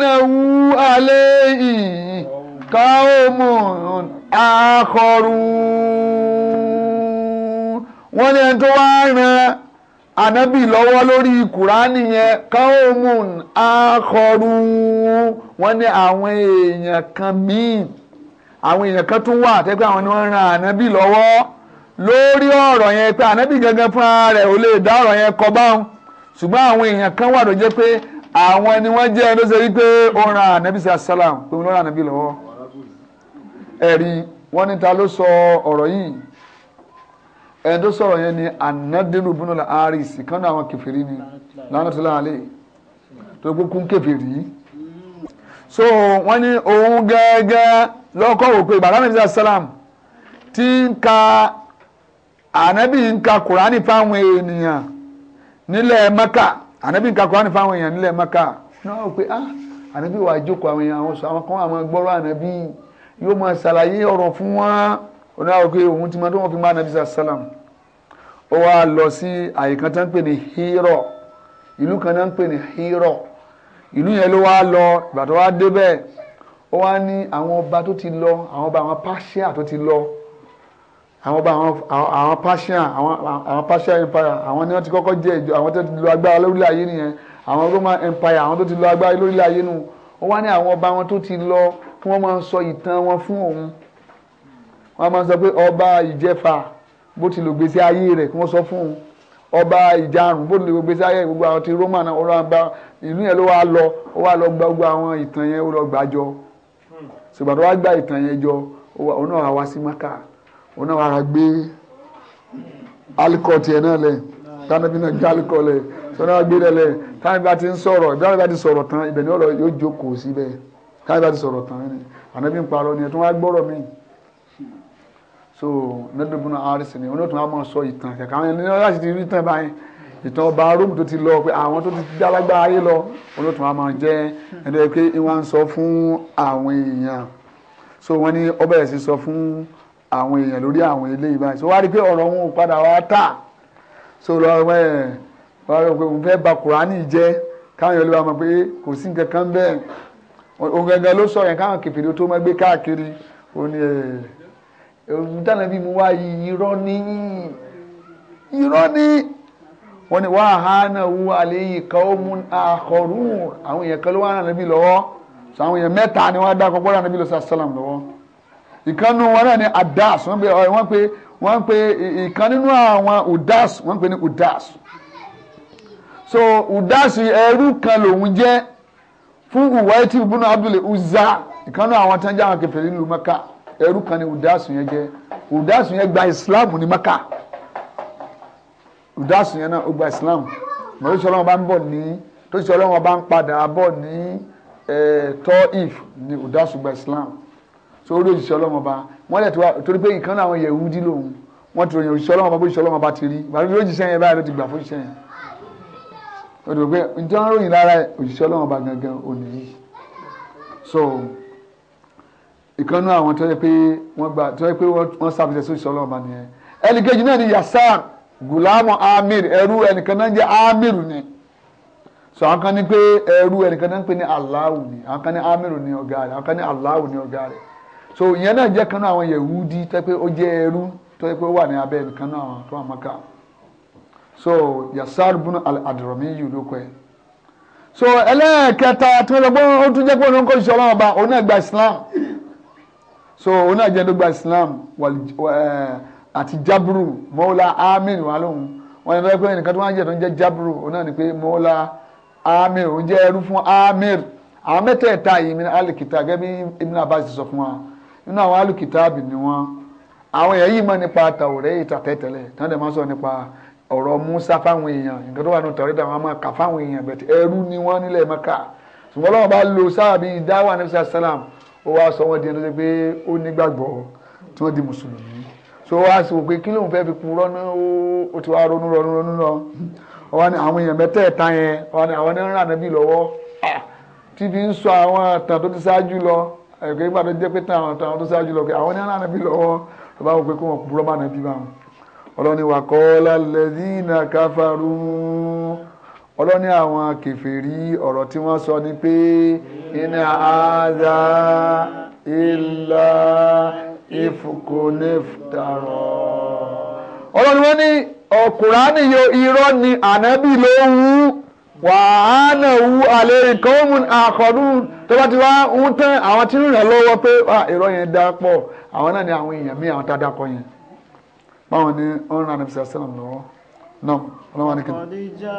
náwó alẹ́ yìí káwọ́mù àkọrù wọ́n ní ẹni tó wá ran ànábì lọ́wọ́ lórí kùránì yẹn káwọ́mù àkọrù wọ́n ní àwọn èèyàn kan míì àwọn èèyàn kan tún wà àtẹ́gbẹ́ àwọn ni wọ́n ran ànábì lọ́wọ́ lórí ọ̀rọ̀ yẹn pé ànábì gangan fúnra rẹ̀ ò lè dá ọ̀rọ̀ yẹn kọ báwọn ṣùgbọ́n àwọn èèyàn kan wà ló jẹ́ pé àwọn ni wọ́n jẹ́ ẹni tó ṣe wípé ó ànábì sí asálàm tó ń lọ́rọ̀ ànábì lọ́wọ́ ẹ̀rí wọ́n ní ló sọ ọ̀rọ̀ yìí ẹni tó sọ̀rọ̀ yẹn ni ànádínú àwọn tó kún so wọ́n ní òun gẹ́gẹ́ lọ́kọ̀ wò pé bàbá ànábì sí asálàm ka ànábì ń ka kùránì fáwọn nílẹ̀ mẹ́kà. ànábì ń ka kúránì fáwọn èèyàn nílẹ̀ mẹ́ka náà wọ́n pe ah ànábì wàá jókòó àwọn èèyàn àwọn sọ àwọn kan àwọn gbọ́rọ̀ ànábì yóò máa ṣàlàyé ọ̀rọ̀ fún wọn oní àwọn pé òun ti máa tó wọn fi máa ànábì sàlám ó wá lọ sí àyè kan tó ń pè ní hírọ̀ ìlú kan tó ń pè ní hírọ̀ ìlú yẹn ló wá lọ ìgbà tó wá débẹ̀ ó wá ní àwọn ọba tó ti lọ àwọn ọba àwọn pàṣẹ àtó ti lọ àwọn ọba àwọn Persian àwọn Persian empire àwọn ni wọ́n ti kọ́kọ́ jẹ́ ìjọ àwọn tó ti lo agbára lórílẹ̀ ayé nìyẹn àwọn Roman empire àwọn tó ti lo agbára lórílẹ̀ ayé nù wọ́n wá ní àwọn ọba wọn tó ti lọ kí wọ́n máa sọ ìtàn wọn fún òun wọ́n máa sọ pé ọba ìjẹfà bó ti lò gbèsè ayé rẹ̀ kí wọ́n sọ fún òun ọba ìjarun bó ti lò gbèsè ayé gbogbo àwọn ti Roman ọ̀rọ̀ àgbà ìlú yẹn ló wá lọ ó wá lọ gba gbogbo àwọn ìtàn yẹn ó lọ gbàjọ hmm. ṣùgbọ́n tó wá gba ìtàn yẹn jọ òun náà wá sí Maka òun náà wàá gbé alikọ tiẹ̀ náà lẹ̀ tánàbí náà gbé alikọ lẹ̀ sọ́nà gbé lẹ̀ lẹ̀ tánàbí bá ti ń sọ̀rọ̀ ìbára bá ti sọ̀rọ̀ tán ibẹ̀ ni ọ̀rọ̀ yóò jókòó síbẹ̀ tánàbí bá ti sọ̀rọ̀ tán ẹni ànábì ń parọ́ ni ẹ̀ tó wá gbọ́rọ̀ míì so nẹ́dọ̀gbọ́n àárísì ni onótùn á máa itan. ìtàn kẹ̀kẹ́ àwọn ènìyàn láti ti rí ìtàn báyìí ìtàn ọba róòmù tó ti lọ pé àwọn tó ti dálágbá ayé lọ onótùn á máa ẹni pé wọ́n sọ fún àwọn èèyàn so wọ́n ní ọbẹ̀ yẹn sì sọ fún àwọn èèyàn lórí àwọn eléyìí báyìí so wá rí i pé ọ̀rọ̀ wọn ò padà wá tà so lọ ẹ wá rí i pé òun fẹ́ ba kùránì jẹ́ káwọn yẹn ló bá mọ̀ pé kò sí nǹkan kan bẹ́ẹ̀ òun gangan ló sọ yẹn káwọn kẹfìrí tó máa gbé káàkiri òun ni òun dáná bí mo wá yìí irọ́ ní irọ́ ní wọ́n ni wàá hánà wú àléyìn kọ́ọ̀mù àkọ́rù àwọn èèyàn kan ló wà nàbí lọ́wọ́ so àwọn èèyàn mẹ́ta ni wọ́n á dá kọ́kọ́rọ́ ìkan nínú wọn náà ni adas wọ́n pe eh, wọ́n pe wọ́n pe ìkan nínú àwọn udas wọ́n pe ní udas so udas ẹrú kan lòun jẹ́ fún uwaiti ibùnú abdul uzza ìkan nínú àwọn tán jẹ́ kẹfẹ́ nílùú maka ẹrú kan ni udas yẹn jẹ́ udas yẹn gba islam ní maka udas yẹn náà ó gba islam mọ̀lẹ́ sọ́lá wọn bá ń bọ̀ ní tó sọ́lá wọn bá ń padà bọ̀ ní eh, tọ́ if ni udas gba islam so orí òṣìṣẹ́ ọlọ́run ọba wọ́n lẹ̀ torí pé ìkan náà àwọn Yẹhudi lòun wọ́n ti ròyìn òṣìṣẹ́ ọlọ́run ọba bó ṣiṣẹ́ ọlọ́run ọba ti rí ìbàdí bí òṣìṣẹ́ yẹn báyìí ló ti gbà fún òṣìṣẹ́ yẹn o dò pé njẹ́ wọ́n ròyìn lára òṣìṣẹ́ ọlọ́run ọba gangan òní yìí so ìkan náà àwọn tó yẹ pé wọ́n gbà tó yẹ pé wọ́n sàbẹ̀sẹ̀ sóṣìṣẹ́ ọlọ́run ọba nìyẹn ẹnìkejì náà ni Yasar Gulamu Amir ẹrú ẹnìkan náà jẹ́ Amir ni so àwọn kan ní pé ẹrú ẹnìkan náà ń pè ní Allahu ni àwọn kan ní Amir ni ọ̀gá rẹ̀ àwọn kan ní Allahu ni ọ̀gá rẹ̀ so ìyẹn náà jẹ́ kan náà àwọn Yẹhudi tó yẹ pé ó jẹ́ ẹrú tó pé ó wà ní abẹ́ nìkan náà àwọn tó wà Mákà so Yasar bunu adrami yìí ló kọ́ ẹ so ẹlẹ́ẹ̀kẹta tí wọ́n lọ gbọ́ ó tún jẹ́ pé òun kò ṣe ọlọ́run ọba òun náà gba Islam so òun náà jẹ́ ló gba Islam eh, àti Jabru mọ́wúlá amin wà lóhun wọ́n ní pé nìkan tó wá ń jẹ́ tó ń jẹ́ Jabru òun náà ni pé mọ́wúlá amir òun jẹ́ ẹrú fún amir àwọn mẹ́tẹ̀ẹ̀ta yìí min alikita gẹ́gẹ́ bí Ibn Abbas ti sọ fún wa nínú àwọn alùkìtàbì ni wọ́n àwọn èèyàn yìí mọ̀ nípa tàwùrẹ́ ìtàtẹ́tẹ̀lẹ̀ tán dẹ̀ máa sọ nípa ọ̀rọ̀ Musa fáwọn èèyàn nǹkan tó wà ní tàwùrẹ́ dàwọn máa kà fáwọn èèyàn bẹ̀tẹ̀ ẹrú ni wọ́n nílẹ̀ Mẹ́kà ṣùgbọ́n lọ́wọ́ bá lo sáàbí dáwà ní sàlám ó wá sọ wọ́n di ẹni tó ṣe pé ó nígbàgbọ́ tí wọ́n di mùsùlùmí so wá sọ pé kí lóun fẹ́ fi kun rọ́nú ó ti wá ronú ronú ronú lọ wọ́n ní àwọn èèyàn mẹ́tẹ̀ẹ̀ta yẹn wọ́n ní àwọn ẹ̀kọ́ ìgbà tó jẹ́ pé tán àwọn tó ṣáájú lọ pé àwọn ní àná bí lọ́wọ́ tó bá wọ́n pé kó wọ́n purọ́ bá nàbí bá wọn. ọlọ́ni wà kọ́ lálẹ́dínà káfàrú ọlọ́ni àwọn kèfèrí ọ̀rọ̀ tí wọ́n sọ ni pé iná àádá ìlà ìfukùnẹ́fùtàrọ̀ ọlọ́ni wọ́n ní ọkùnrán nìyó irọ́ ni ànábì ló wú wàhánà wú alẹ́ ìkọ́wọ́mù àkọ́dún tó bá ti wá ń tán àwọn tí ń ràn lọ́wọ́ pé èrò ah, yẹn dá pọ̀ àwọn náà ni àwọn èèyàn míì àwọn tá a dá kọ yẹn báwọn ni ó ń ra ní fisẹ́ lọ́wọ́ náà ọlọ́wọ́ ni kìnnìkan. kọ́díjà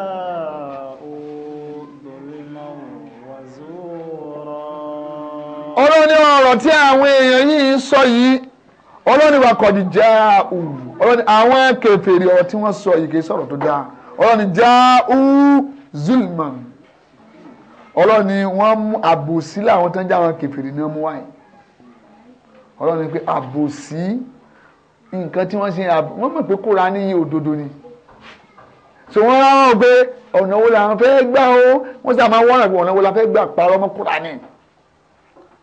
òdòlímọ̀ wàzúrọ̀. ọlọ́ni ọ̀rọ̀ tí àwọn èèyàn yìí ń sọ yìí ọlọ́ni wà kọ́díjà òdòlímọ̀ ọlọ́ni àwọn kèfèrí ọ̀rọ̀ tí wọ́n sọ yìí zulman ọlọ́ni wọ́n mú àbòsí láwọn tó ń já wọn kèfèrí ní ọmú wáyé ọlọ́ni pé àbòsí nǹkan tí wọ́n ṣe wọ́n mọ̀ pé kóra ní òdodo ni so wọ́n ráwọ́ pé ọ̀nà wo làwọn fẹ́ gbà ó wọ́n sì máa wọ́n rẹ̀ pé ọ̀nà wo la fẹ́ gbà parọ́ mọ́ kóra ní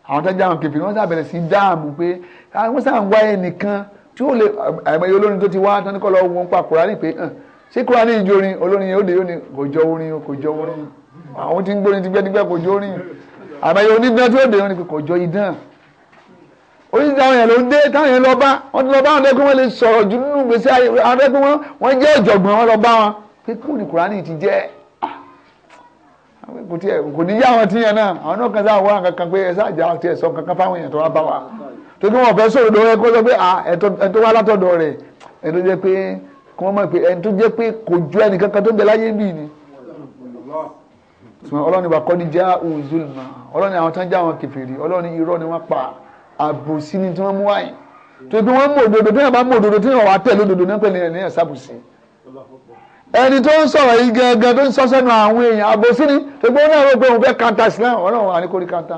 àwọn tó ń já wọn wọ́n sì bẹ̀rẹ̀ sí dáàmú pé ah, wọ́n sì ń wá ẹnìkan tí ó lè àìmọye olórin tó ti wá tán ní kọ́ lọ wọn pa kóra ní pé ṣé kúránì ìjọ orin olórin yẹn ó dé yóò ní kò jọ orin kò jọ orin àwọn tí ń gbórin ti gbẹ́dígbẹ́ kò jọ orin àbáyé onídán tí ó dé yóò ní kò jọ idán onídìí àwọn yẹn ló ń dé táwọn yẹn lọ bá wọn ti lọ bá wọn dẹ́kun wọn lè sọ̀rọ̀ jù nínú gbèsè àdẹ́kun wọn wọn jẹ́ ọ̀jọ̀gbọ́n wọn lọ bá wọn pé kúrò ní kúránì ti jẹ́ kò ní yá àwọn tíyẹn náà àwọn náà kan sáà wá kankan pé ẹ sáàjà tiẹ̀ sọ kankan fáwọn èèyàn tó wá bá wa tó kí wọn fẹ́ sọ̀rọ̀ lọ́wọ́ ẹ kó sọ pé ẹ̀tọ́ wá látọ̀dọ̀ rẹ̀ ẹ̀ tó jẹ́ pé kí wọ́n mọ̀ pé ẹni tó jẹ́ pé kò ju ẹnì kankan tó ń bẹ láyé bì ni ọlọ́ni wà kọ́ ni já òzùlùmọ̀ ọlọ́ni àwọn tán já àwọn kèfèrí ọlọ́ni irọ́ ni wọ́n pa àbòsí ni tí wọ́n mú wáyìn tó bí wọ́n mú òdodo tí wọ́n bá mú òdodo tí wọ́n wá tẹ̀lé òdodo náà pẹ̀lú ẹ̀ní ẹ̀sàbòsí ẹni tó ń sọ̀rọ̀ yìí gangan tó ń sọ sẹ́nu àwọn èèyàn àbòsí ni tó gbé ọ̀nà àwọn òun fẹ́ kanta Islam ọlọ́run wà ní kórì kanta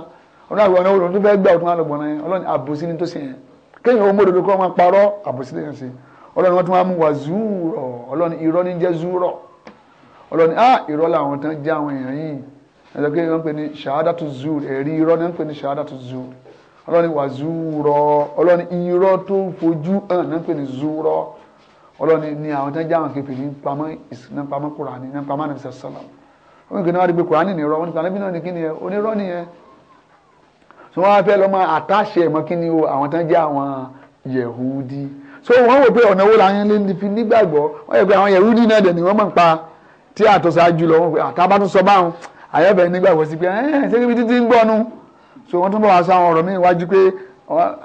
ọ̀nà àwọn ọ̀nà òun tó fẹ́ gbà ọ̀tún àlọ́gbọ̀n náà ọlọ́run àbòsí ni tó sì yẹn kéèyàn ó mú òdodo kọ́ máa parọ́ àbòsí lè yẹn sí ọlọ́run wọn tún wá mú wá zúrọ̀ ọlọ́run irọ́ ní jẹ́ zúrọ̀ ọlọ́run ah irọ́ làwọn tán jẹ́ àwọn èèyàn yìí ẹ̀sọ́ pé wọ́n pè ní ṣahadatu zuur ẹ̀rí irọ́ ni wọ́n pè ní ṣahadatu zuur ọlọ́run wà zúrọ̀ ọlọ́run irọ́ tó fojú hàn ni wọ́n pè ní zúrọ̀ ọlọ́run ni àwọn tán jẹ́ àwọn kẹfìrí pamọ́ ìsìn pamọ́ ní pamọ́ àdàbí kùránì ní irọ́ wọ́n ní sàlámì ni ẹ onírọ́ nìyẹn tí wọ́n wá fẹ́ lọ́mọ àtàṣe ẹ̀mọ́ kí ni o àwọn tán jẹ́ so wọ́n wò pé ọ̀nà wo la yẹn lè fi nígbàgbọ́ wọ́n yẹ pé àwọn yẹ̀rú nínú ẹ̀dẹ̀ ni wọ́n mọ̀ ń pa tí àtọ̀sájú lọ wọ́n pé àtàbá ah, tún sọ báwọn àyẹ̀bẹ̀ nígbàgbọ́ sí pé ẹ̀ẹ́n eh, ṣé kíbi títí ń gbọ́ nu so wọ́n tún bọ̀ wá sí àwọn ọ̀rọ̀ míì wájú pé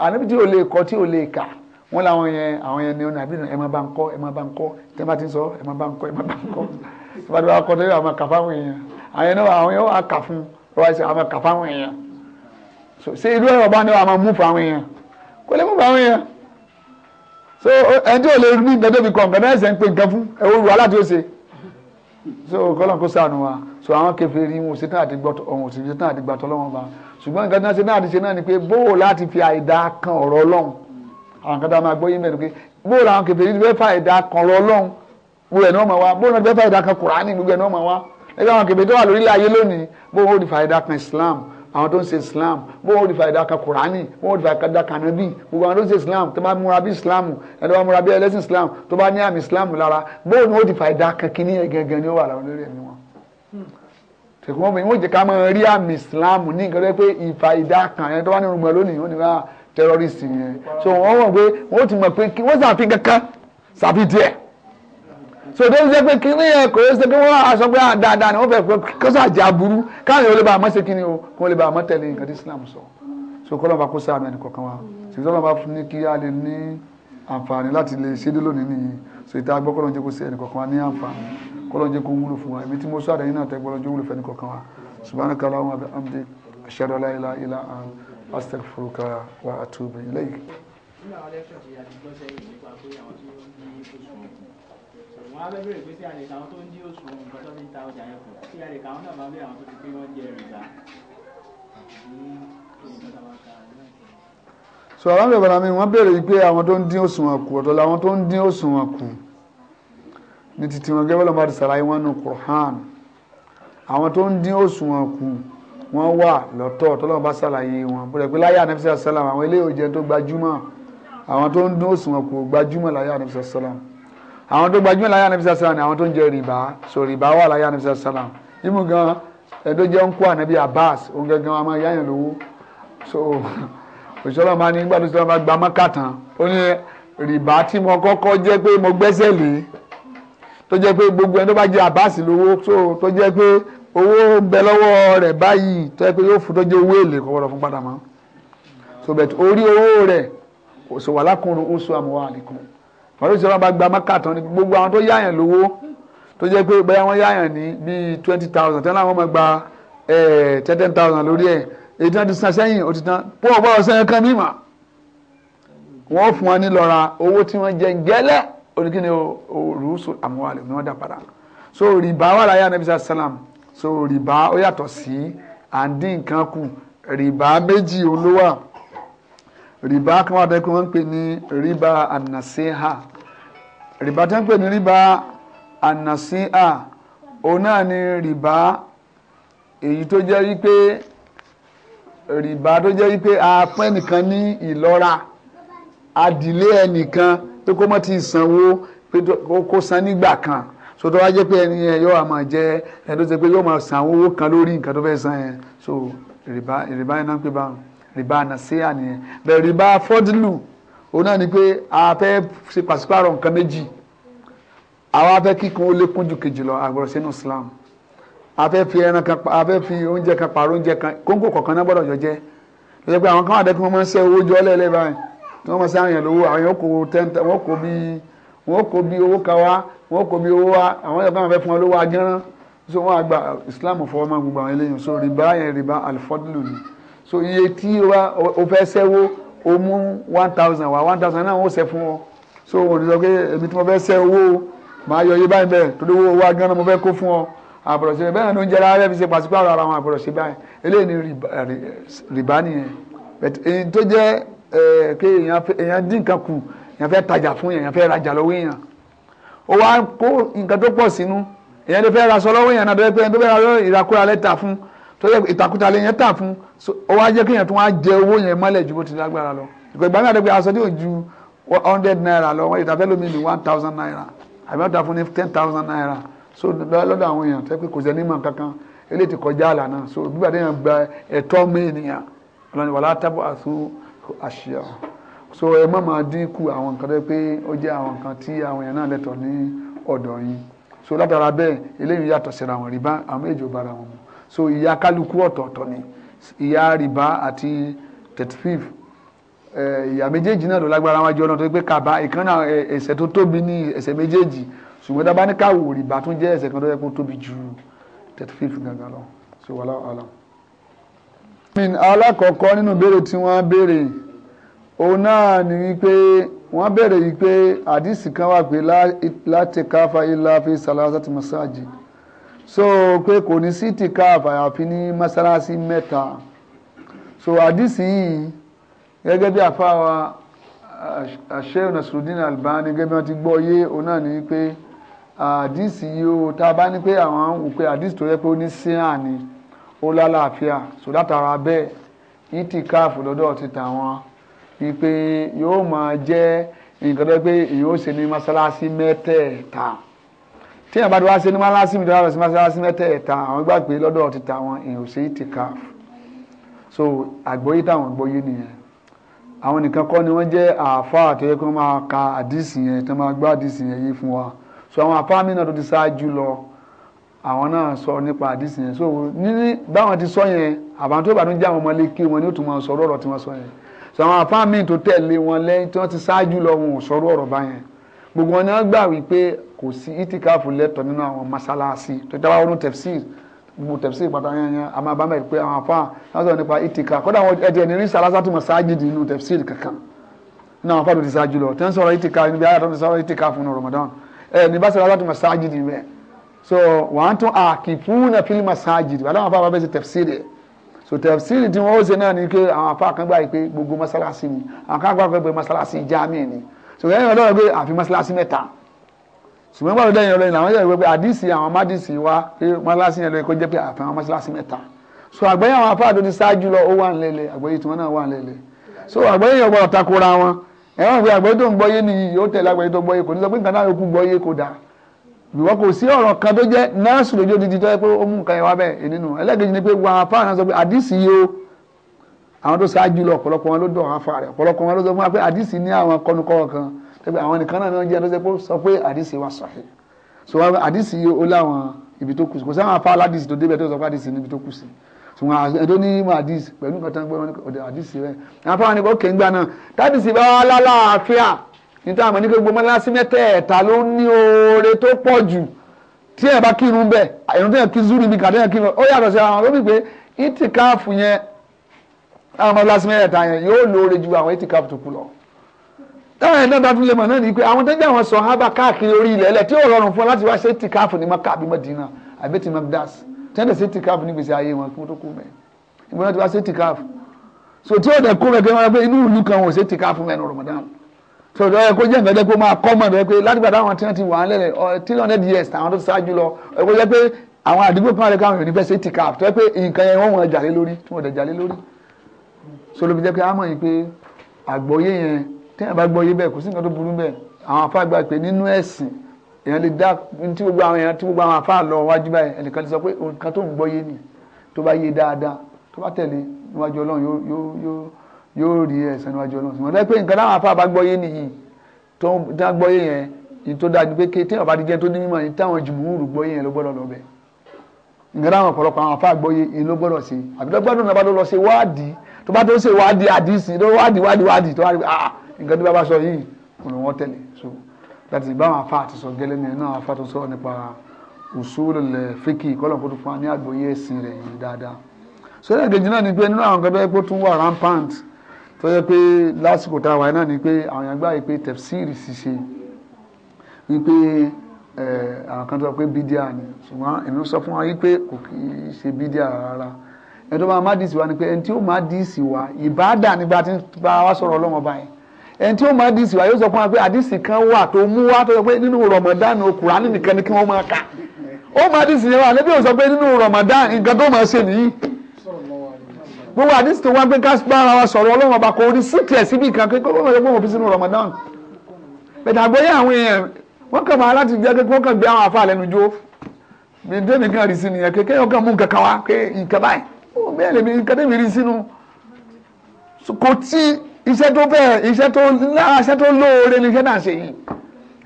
àníbi tí ò lè kọ tí ò lè kà wọ́n làwọn yẹn àwọn yẹn ni ọ̀nà àbí ẹ̀ máa bá ń kọ́ ẹ̀ máa bá ń kọ́ tẹ́ bá ti ń sọ ẹ̀ máa bá ń kọ́ ẹ̀ máa bá ń kọ́ tí wọ́n bá kọ́ tẹ́lẹ̀ àwọn kà fáwọn èèyàn àwọn yẹn náà àwọn yẹn wà kà fún àwọn kà fáwọn èèyàn ṣe irú ẹ̀rọ bá ní wà máa mú fún àwọn èèyàn kò lè mú fún àwọn èèyàn so ẹni tí ò lè rí nǹkan tóbi kan nǹkan mẹ́sẹ̀ ń pe nǹkan fún ẹ̀wọ́ olùwà láti ó ṣe so kọ́lọ̀ kó sànù wa so àwọn kèfèrí wọn ò ṣe tán àti gbọ́tọ̀ ọ̀hún ò sì ṣe tán àti gbàtọ́ lọ́wọ́ ba ṣùgbọ́n nǹkan tí wọ́n ṣe náà ti ṣe náà ni pé bóò láti fi àìdá kan ọ̀rọ̀ ọlọ́run àwọn kan tá a máa gbọ́ yín mẹ́rin pé bóò làwọn kèfèrí ti fẹ́ fà àìdá kan ọ̀rọ̀ ọlọ́run gbogbo ẹ̀ náà máa wá bóò náà ti fẹ́ fà àìdá kan kùránì gbogbo ẹ̀ náà máa wá ẹgbẹ́ àwọn kèfèrí tó wà lórílẹ̀ ayé lónìí bóò ó di fà àìdá kan Islam àwọn tó ń ṣe islam bó wọn ò dìfà ìdáka kùránì bó wọn ò dìfà nàbì gbogbo àwọn tó ń ṣe islam tó bá múra bí islam ẹni tó bá múra bí ẹlẹ́sìn islam tó bá ní àmì islam lára bó wọn ò dìfà ìdáka kínní yẹn gangan ni ó wà láwọn lórí ẹ̀mí wọn. tẹ̀kọ́ wọn ò jẹ́ ká máa rí àmì islam ní nǹkan tó pé ìfà ìdáka yẹn tó bá ní rúgbọ́n lónìí ó ní bá ah, tẹ́rọ́rìsì yẹn so wọ́n mọ̀ pé wọ́n ti mọ̀ pé wọ́n sàfihàn kankan sàfihàn so tó ń jẹ́ pé kíní yẹn kò yẹ ṣe pé wọ́n á pé ah, dáadáa ni wọ́n fẹ́ pé kó sàjà burú káwọn yóò lè bá àmọ́ ṣe kíní o kó lè bá àmọ́ tẹ̀lé nǹkan tí Islam sọ so kọ́ lọ́ba kó sáàmì ẹnì kọ̀ọ̀kan wa ṣèkí tó lọ́ba fún ní kí a lè ní àǹfààní láti lè ṣe dé lónìí nìyí so ìta gbọ́ kọ́ lọ́njẹ́ kó ṣe ẹnì kọ̀ọ̀kan wa ní àǹfààní kọ́ lọ́njẹ́ kó wúlò fún wa èmi tí mo sọ àdáyé náà tẹ́ gbọ́ lọ́njẹ́ wúlò fẹ́ wa subhanaka wọn á fẹ́ bẹ̀rẹ̀ pé sí àlèkà àwọn tó ń jí òṣùwọ̀n nǹkan tó ń ta ọjà yẹn fún sí àlèkà àwọn náà máa ń lé àwọn tó ti pé wọ́n jẹ rìbá. sọ àwọn bẹ̀rẹ̀ bàbá mi wọ́n béèrè pé àwọn tó ń dín òṣùwọ̀n kù ọ̀tọ̀ làwọn tó ń dín òṣùwọ̀n kù ní titi wọn gẹ́gẹ́ lọ́mọdé sàlàyé wọn nù Qur'an àwọn tó ń dín òṣùwọ̀n kù wọ́n wà lọ́tọ̀ tọ́lọ́mọ bá sàlàyé wọn bó dẹ̀ láyé ànábìsí àṣàlám àwọn ilé ìjẹun tó gbajúmọ̀ àwọn tó ń dín òṣùwọ̀n kù gbajúmọ̀ láyé ànábìsí àṣàlám àwọn tó gbajúmọ̀ láyé ànábì sàlám ni àwọn tó ń jẹ rìbá so rìbá wà láyé ànábì sàlám ibù gan ẹ tó ń kó ànábì Abbas òun gangan wa yáyàn lówó so òṣèlú ọmọ ní nígbà tó sọlá gba mọ́kà tán ó ní rìbá tí mo kọ́kọ́ jẹ́ pé mo gbẹ́sẹ̀ lé tó jẹ́ pé gbogbo ẹni tó bá jẹ Abbas lówó so tó jẹ́ pé owó ń bẹ lọ́wọ́ rẹ̀ báyìí tó yẹ pé yóò fún tọ́jú owó èlé kọ́ wọ́n fún padà mọ́ so bẹ̀tù orí owó rẹ̀ kò sọ wà lákùnrin oṣù àmúwá àlékún wọn ló ti sọ́nà bá gba mọ́kà tán ni gbogbo àwọn tó yáyàn lówó tó jẹ́ pé bóyá wọ́n yáyàn ní bíi twenty thousand tẹ́lẹ̀ àwọn ọmọ gba ten thousand lórí ẹ̀ èyí tí wọ́n ti san sẹ́yìn ó ti tán pọ̀ bọ́ ọ̀sẹ̀ kan mímọ́ wọ́n fún wọn ní owó tí wọ́n jẹ gẹ́lẹ́ oníkíni òrùsù àmúhalẹ̀ ni wọ́n dá padà so rìbá wà láyé anabisa salam so rìbá ó yàtọ̀ sí àǹdí nǹkan kù rìbá méjì olówà rìbá kan wà dẹ́kun wọ́n ń pè ní rìbá ànàṣẹ́hà rìbá tí wọ́n pè ní rìbá ànàsíà òun náà ni rìbá èyí tó jẹ́ wípé rìbá tó jẹ́ wípé apẹ́ nìkan ní ìlọ́ra adìlé ẹnìkan pé kó má ti sanwó pé kó san nígbà kan so tó wá jẹ́ pé ẹni yẹn yóò máa jẹ́ ẹni tó ṣe pé yóò máa san owó kan lórí nǹkan tó fẹ́ san yẹn so rìbá rìbá yẹn náà ń pè bá rìbá ànàsíà nìyẹn bẹ́ẹ̀ rìbá fọ́dúlù òun náà ni pé a fẹ́ ṣe pàṣípààrọ̀ nǹkan méjì àwa fẹ́ kíkan ó lékún ju kejì lọ àgbọ̀rọ̀ sínú Islam a fẹ́ fi ẹran kan a fẹ́ fi oúnjẹ kan pààrọ̀ oúnjẹ kan kóńgò kọ̀ọ̀kan náà gbọ́dọ̀ jọ jẹ́ lọ́jọ́ pé àwọn kan wà dé kí wọ́n máa ń ṣe owó jọ lẹ́lẹ́ báyìí tí wọ́n máa ṣe àwọn èèyàn lówó àwọn èèyàn kò tẹ́ntẹ́ wọ́n kò bí wọ́n kò bí owó kan wá wọ́n kò bí owó wá àwọn èèyàn kan fẹ́ fún wọn agẹ́rán so wọ́n àgbà Islam fọwọ́ máa gbogbo àwọn eléyìí so riba yẹn riba alifọ́dúlù ni so iye tí o fẹ́ ṣẹ́wó o mú one thousand wá one thousand náà wọ́n ṣe fún ọ so wọ́n ti sọ pé èmi tí mo fẹ́ ṣe owó màá yọ iye báyìí bẹ́ẹ̀ torí owó owó agán náà mo fẹ́ kó fún ọ àbọ̀rọ̀ ṣe bẹ́ẹ̀ ló ń jẹrà rẹ̀ fi ṣe pàṣípààrọ̀ ara wọn àbọ̀rọ̀ báyìí eléyìí ni rìbá nìyẹn èyí tó jẹ́ pé èèyàn dín nǹkan kù èèyàn fẹ́ tajà fún èèyàn fẹ́ rajà lọ́wọ́ èèyàn ó wá kó nǹkan tó pọ̀ sínú èèyàn tó fẹ́ raṣọ lọ́wọ́ èèyàn náà tó yẹ ìtàkùtà lè yẹn tà fún ó wá jẹ́ kéèyàn tó wá jẹ owó yẹn mọ́lẹ̀ ju bó ti lágbára lọ ìgbà ìgbà náà dẹ́gbẹ́ aṣọ tí ò ju hundred naira lọ wọ́n ìtàfẹ́ lómi ní one thousand naira àbí wọ́n ta fún ní ten thousand naira so lọ́dọ̀ àwọn èèyàn tẹ́ pé kò sẹ́ni mọ̀ kankan eléyìí ti kọjá àlà náà so bí wàá déyàn gba ẹ̀tọ́ mẹ́ẹ̀nìyàn ọlọ́ni wàlá tábọ̀ àṣù àṣìyà so ẹ má máa dínkù àwọn nǹkan tó pé ó jẹ́ so látara bẹ́ẹ̀ eléyìí yàtọ̀ síra wọn rí bá àwọn méjì ó so ìyà kálukú ọ̀tọ̀ọ̀tọ̀ ni ìyà rìbá àti tẹ̀tífìf ìyà méjèèjì náà ló lágbára wájú ọ̀nà tó pé kàbá ìkànnà ẹ̀ṣẹ̀ tó tóbi ní ẹ̀ṣẹ̀ méjèèjì ṣùgbọ́n tá a bá ní káwò rìbá tún jẹ́ ẹ̀ṣẹ̀ kan tó yẹ kó tóbi ju tẹ̀tífìf gangan lọ so wàhálà wàhálà. min alákọ̀ọ́kọ́ nínú béèrè tí wọ́n béèrè òun náà ni wípé wọ́n béèrè wípé àdìsí kan wà pé látẹ̀káfà ilá fi sàlásàtì mọ́sáàjì so pé kò ní sí tìka àfàyàfi ní mọ́sálásí mẹ́ta so àdìsí yìí gẹ́gẹ́ bí àfáwa àṣẹ Nasruddin Albani gẹ́gẹ́ bí wọ́n ti gbọ́ yé òun náà ni pé àdìsí yìí ó tá bá ní pé àwọn ń wò pé àdìsí tó yẹ pé ó ní síhàn ni ó lálàáfíà so látara bẹ́ẹ̀ yìí ti káàfù lọ́dọ̀ ti tàwọn wípé yóò máa jẹ́ nǹkan tó yẹ pé èèyàn ṣe ní mọ́sálásí mẹ́tẹ̀ẹ̀ta téèyàn bá ti wá ṣe ní mọ́sálásí mi tó wá lọ sí mọ́sálásí mẹ́tẹ̀ẹ̀ta àwọn gbà pé lọ́dọ̀ ti ta àwọn èèyàn sí ti ká so àgbóyé táwọn gbóyé nìyẹn àwọn nìkan kọ́ ni wọ́n jẹ́ àáfàá tó yẹ kí wọ́n máa ka àdìsí yẹn tó máa gbá àdìsí yẹn yé fún wa so àwọn àáfàá mi náà tó ti ṣáájú lọ àwọn náà sọ nípa àdìsí yẹn so níní báwọn ti sọ yẹn àbáwọn tó bá tún jẹ́ àwọn ọmọ lékè wọn ni ó tún máa sọ ọ̀rọ̀ tí wọ́n sọ yẹn so àwọn àáfàá mi tó tẹ̀lé wọn lẹ́yìn tí wọ́n ti ṣáájú lọ wọn ò sọ ọ̀rọ̀ báyẹn gbogbo wọn ni wọ́n gbà wípé kò sí itikafu lẹ́tọ̀ nínú àwọn masalasi tó jábá wọn tẹ̀fsir gbogbo tẹ̀fsir pátá yanyan a máa bá mẹ́rin pé àwọn afá náà nípa itika kódà àwọn ẹ̀dẹ̀ ní sàlásà tó mọ̀ sáájì nínú tẹ̀fsir kankan nínú àwọn afá tó ti sáájú lọ tẹ́ ń sọ̀rọ̀ itika níbi ayàtọ̀ ti sọ̀rọ̀ itika fún Ramadan ẹ̀ ní bá sàlásà tó mọ̀ sáájì níbẹ̀ so wọ́n tún àkìfún náà fílì masáájì aláwọn afá bá so tẹ̀síìrì ni pé àwọn afá kan gbà pé gbogbo mọ́sálásí ni àwọn kan gbà pé ni so ẹ̀yìn ọlọ́run pé àfi mọ́sálásí mẹ́ta ṣùgbọ́n gbàdúrà dẹ́yìn ọlọ́yin làwọn yẹ̀rọ pé àdìsí àwọn mádìsí wa pé mọ́sálásí yẹn lóye kó jẹ́ pé àfẹ́ àwọn mọ́sálásí mẹ́ta so àgbẹ̀yẹ àwọn apá àdó ti ṣáájú lọ ó wà nílẹ̀ àgbẹ̀yẹ tiwọn náà wà nílẹ̀ so àgbẹ̀yẹ yẹn gbọ́dọ̀ takora wọn ẹ̀wọ̀n pé àgbẹ̀yẹ tó ń gbọ́yé nìyí yóò tẹ̀lé àgbẹ̀yẹ tó gbọ́yé kò ní sọ pé nǹkan náà yòókù gbọ́yé kò dáa ìwọ kò sí ọ̀rọ̀ kan tó jẹ́ nọ́ọ̀sì lójú odidi tó yẹ pé ó mú nǹkan yẹn wá bẹ́ẹ̀ ènìyàn ẹlẹ́gẹ̀ẹ́jì ni pé pé àwọn nìkan náà ni wọ́n jẹ́ lọ́sẹ̀ pé sọ pé àdìsí wa sahih so àdìsí ó láwọn ibi tó kù sí kò sáwọn afá aládìsí tó débẹ̀ tó sọ pé àdìsí níbi tó kù sí ṣùgbọ́n ẹjọ́ ní ìmọ̀ àdìsí pẹ̀lú nǹkan tán gbọ́n ọ̀dẹ̀ àdìsí rẹ̀ afá wọn ni kò kéńgbà náà tádìsí bá wà lálàáfíà níta àmọ́ ní pé gbogbo mọ́lá sí mẹ́tẹ̀ẹ̀ta ló ní oore tó pọ̀ jù tí ẹ bá kírun bẹ́ẹ̀ àyẹ̀wò tó yẹ kí zúrù ibi kàdé yẹ kí ó yàtọ̀ sí àwọn lóbi pé ìtìkáàfù yẹn àwọn mọ́lá sí mẹ́tẹ̀ẹ̀ta yẹn yóò lóore ju àwọn ìtìkáàfù tó kù lọ táwọn ẹ̀dá dá tún lè mọ̀ náà ni pé àwọn tó ń jẹ́ àwọn sọ̀hábà káàkiri orí ilẹ̀ ẹlẹ́ tí ó rọrùn fún ọ láti wá ṣe tìkáàfù ní maka àbí Mẹdínà àbí tí mo dá sí tẹ́lẹ̀ ṣe tìkáàfù ní gbèsè ayé wọn kí wọ́n tó kú mẹ́ ìmọ̀ náà ti wá ṣe tìkáàfù so tí ó dẹ̀ kó rẹ̀ pé inú ìlú kan wọn ò ṣe tìkáàfù mẹ́nu Ramadan so ìdọ́ yẹ kó jẹ́ nǹkan dẹ́gbẹ́ máa kọ́ mọ̀ dẹ́ pé látìgbà táwọn tí wọ́n ti wà á lẹ̀ three hundred years àwọn tó ṣáájú lọ ẹ kó jẹ́ pé àwọn àdúgbò kan rẹ̀ káwọn èèyàn nífẹ̀ẹ́ ṣe tìkáàfù tó yẹ pé nǹkan yẹn wọ́n wọn jà lé lórí tí wọ́n dẹ̀ jà lé lórí so ló fi jẹ́ pé á mọ̀ yìí pé yẹn téèyàn bá gbọ́ yé bẹ́ẹ̀ kò sí nǹkan tó burú bẹ́ẹ̀ àwọn afá gba pé nínú ẹ̀sìn èèyàn lè dá tí gbogbo àwọn èèyàn tí gbogbo àwọn afá lọ wájú báyìí ẹnìkan ti sọ pé nǹkan tó ń gbọ́ yé ni tó bá yé dáadáa tó bá tẹ̀lé níwájú ọlọ́run yóò yóò yóò yóò rí ẹ̀san níwájú ọlọ́run ṣùgbọ́n dájú pé nǹkan táwọn afá bá gbọ́ yé nìyí tó ń dá gbọ́ yé yẹn yìí tó dájú pé ké téèyàn bá di jẹ́ tó ní mímọ̀ yìí táwọn jùmùúrù gbọ́ yé yẹn ló gbọ́ nǹkan tí bàbá sọ yìí òun wọ́n tẹ̀lé so that is báwọn afa àti sọ gẹ́lẹ́ ní náà afa tó sọ nípa usulul fiqh kọ́lọ̀ kó tó fún wa ní àgbọ́yé ẹ̀sìn rẹ̀ yìí dáadáa so ẹ̀rẹ́ kejì náà ni pé nínú àwọn gẹ́gẹ́ pé tún wà rampant tó yẹ pé lásìkò tá a wáyé náà ni pé àwọn yàgbá yìí pé tẹ̀fsíìrì ṣiṣẹ́ wípé àwọn kan tó sọ pé bídíà ni ṣùgbọ́n èmi sọ fún wa wípé kò kì í ṣe bídíà rárá ẹni tó máa má dìsí wa ni pé ẹni tí ó má dìsí wa ìbáàdà nígbà tí bá wa sọ̀rọ̀ ọlọ́mọba yẹn ẹni tí ó máa di ìsìwà yóò sọ fún wa pé àdìsí kan wà tó mú wá tó sọ pé nínú Ramadan Kùránì nìkan ni kí wọ́n máa kà ó máa di ìsìnyẹn níbi ó pé nínú Ramadan nǹkan tó máa ṣe nìyí gbogbo àdìsí tó wá pé ká bá ara wa sọ̀rọ̀ ọlọ́run ọba kò rí síkì ẹ̀ síbi kan pé kó ló fi sínú Ramadan bẹ̀tẹ̀ àgbóyè àwọn èèyàn wọ́n kàn máa láti jẹ́ kékeré wọ́n kàn gbé àwọn àfa lẹ́nu jó bíndé mi kàn rí kò tí iṣẹ́ tó bẹ́ẹ̀ iṣẹ́ tó lára iṣẹ́ tó lóore ni iṣẹ́ náà ṣe yìí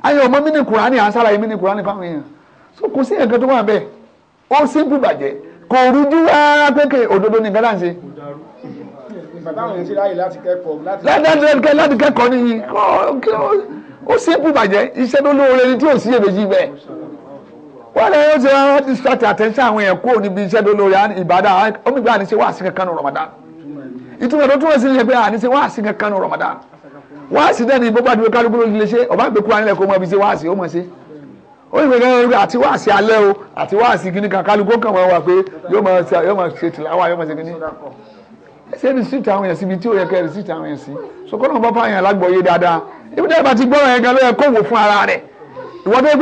ayé ọmọ mí ní kùránì àṣàlà yìí mí ní kùránì fáwọn èèyàn so kò sí nǹkan tó wà bẹ́ẹ̀ ó simple bàjẹ́ kò rújú rárá pékè òdodo nìkan náà ṣe. láti kẹ́kọ̀ọ́ láti kẹ́kọ̀ọ́ nìyí ó simple bàjẹ́ iṣẹ́ tó lóore ni tí ò sí èméjì bẹ́ẹ̀ wọ́n lè yóò ṣe wọ́n ti start attention àwọn èèyàn kúrò níbi iṣẹ́ tó lóore ìbàdàn ó mi gbà ní ṣe wá sí kankan ní Ramadan ìtumọ̀ tó túmọ̀ sí ni pé àní ṣe wáàsí kankan ní Ramadan wáàsí náà ni gbogbo àdúgbò kálukú ló lè ṣe ọba gbé kúrò nílẹ̀ kó mọ ibi ṣe wáàsí ó mọ̀ ṣe ó yẹ kẹ́kẹ́ àti wáàsí alẹ́ o àti wáàsí gíní kan kálukú kan máa wà pé yóò máa ṣe tìláwà yóò máa ṣe gíní ẹsẹ̀ ní síta àwọn yẹn síbi tí ó yẹ kẹ́ ẹ̀ àwọn yẹn sí so kọ́nà bá fáyàn lágbọ̀ọ́yé dáadáa ibi tẹ́ ẹ bá ti gbọ́ ẹ̀ gan ló yẹ kó wò fún ara rẹ̀ ìwọ́n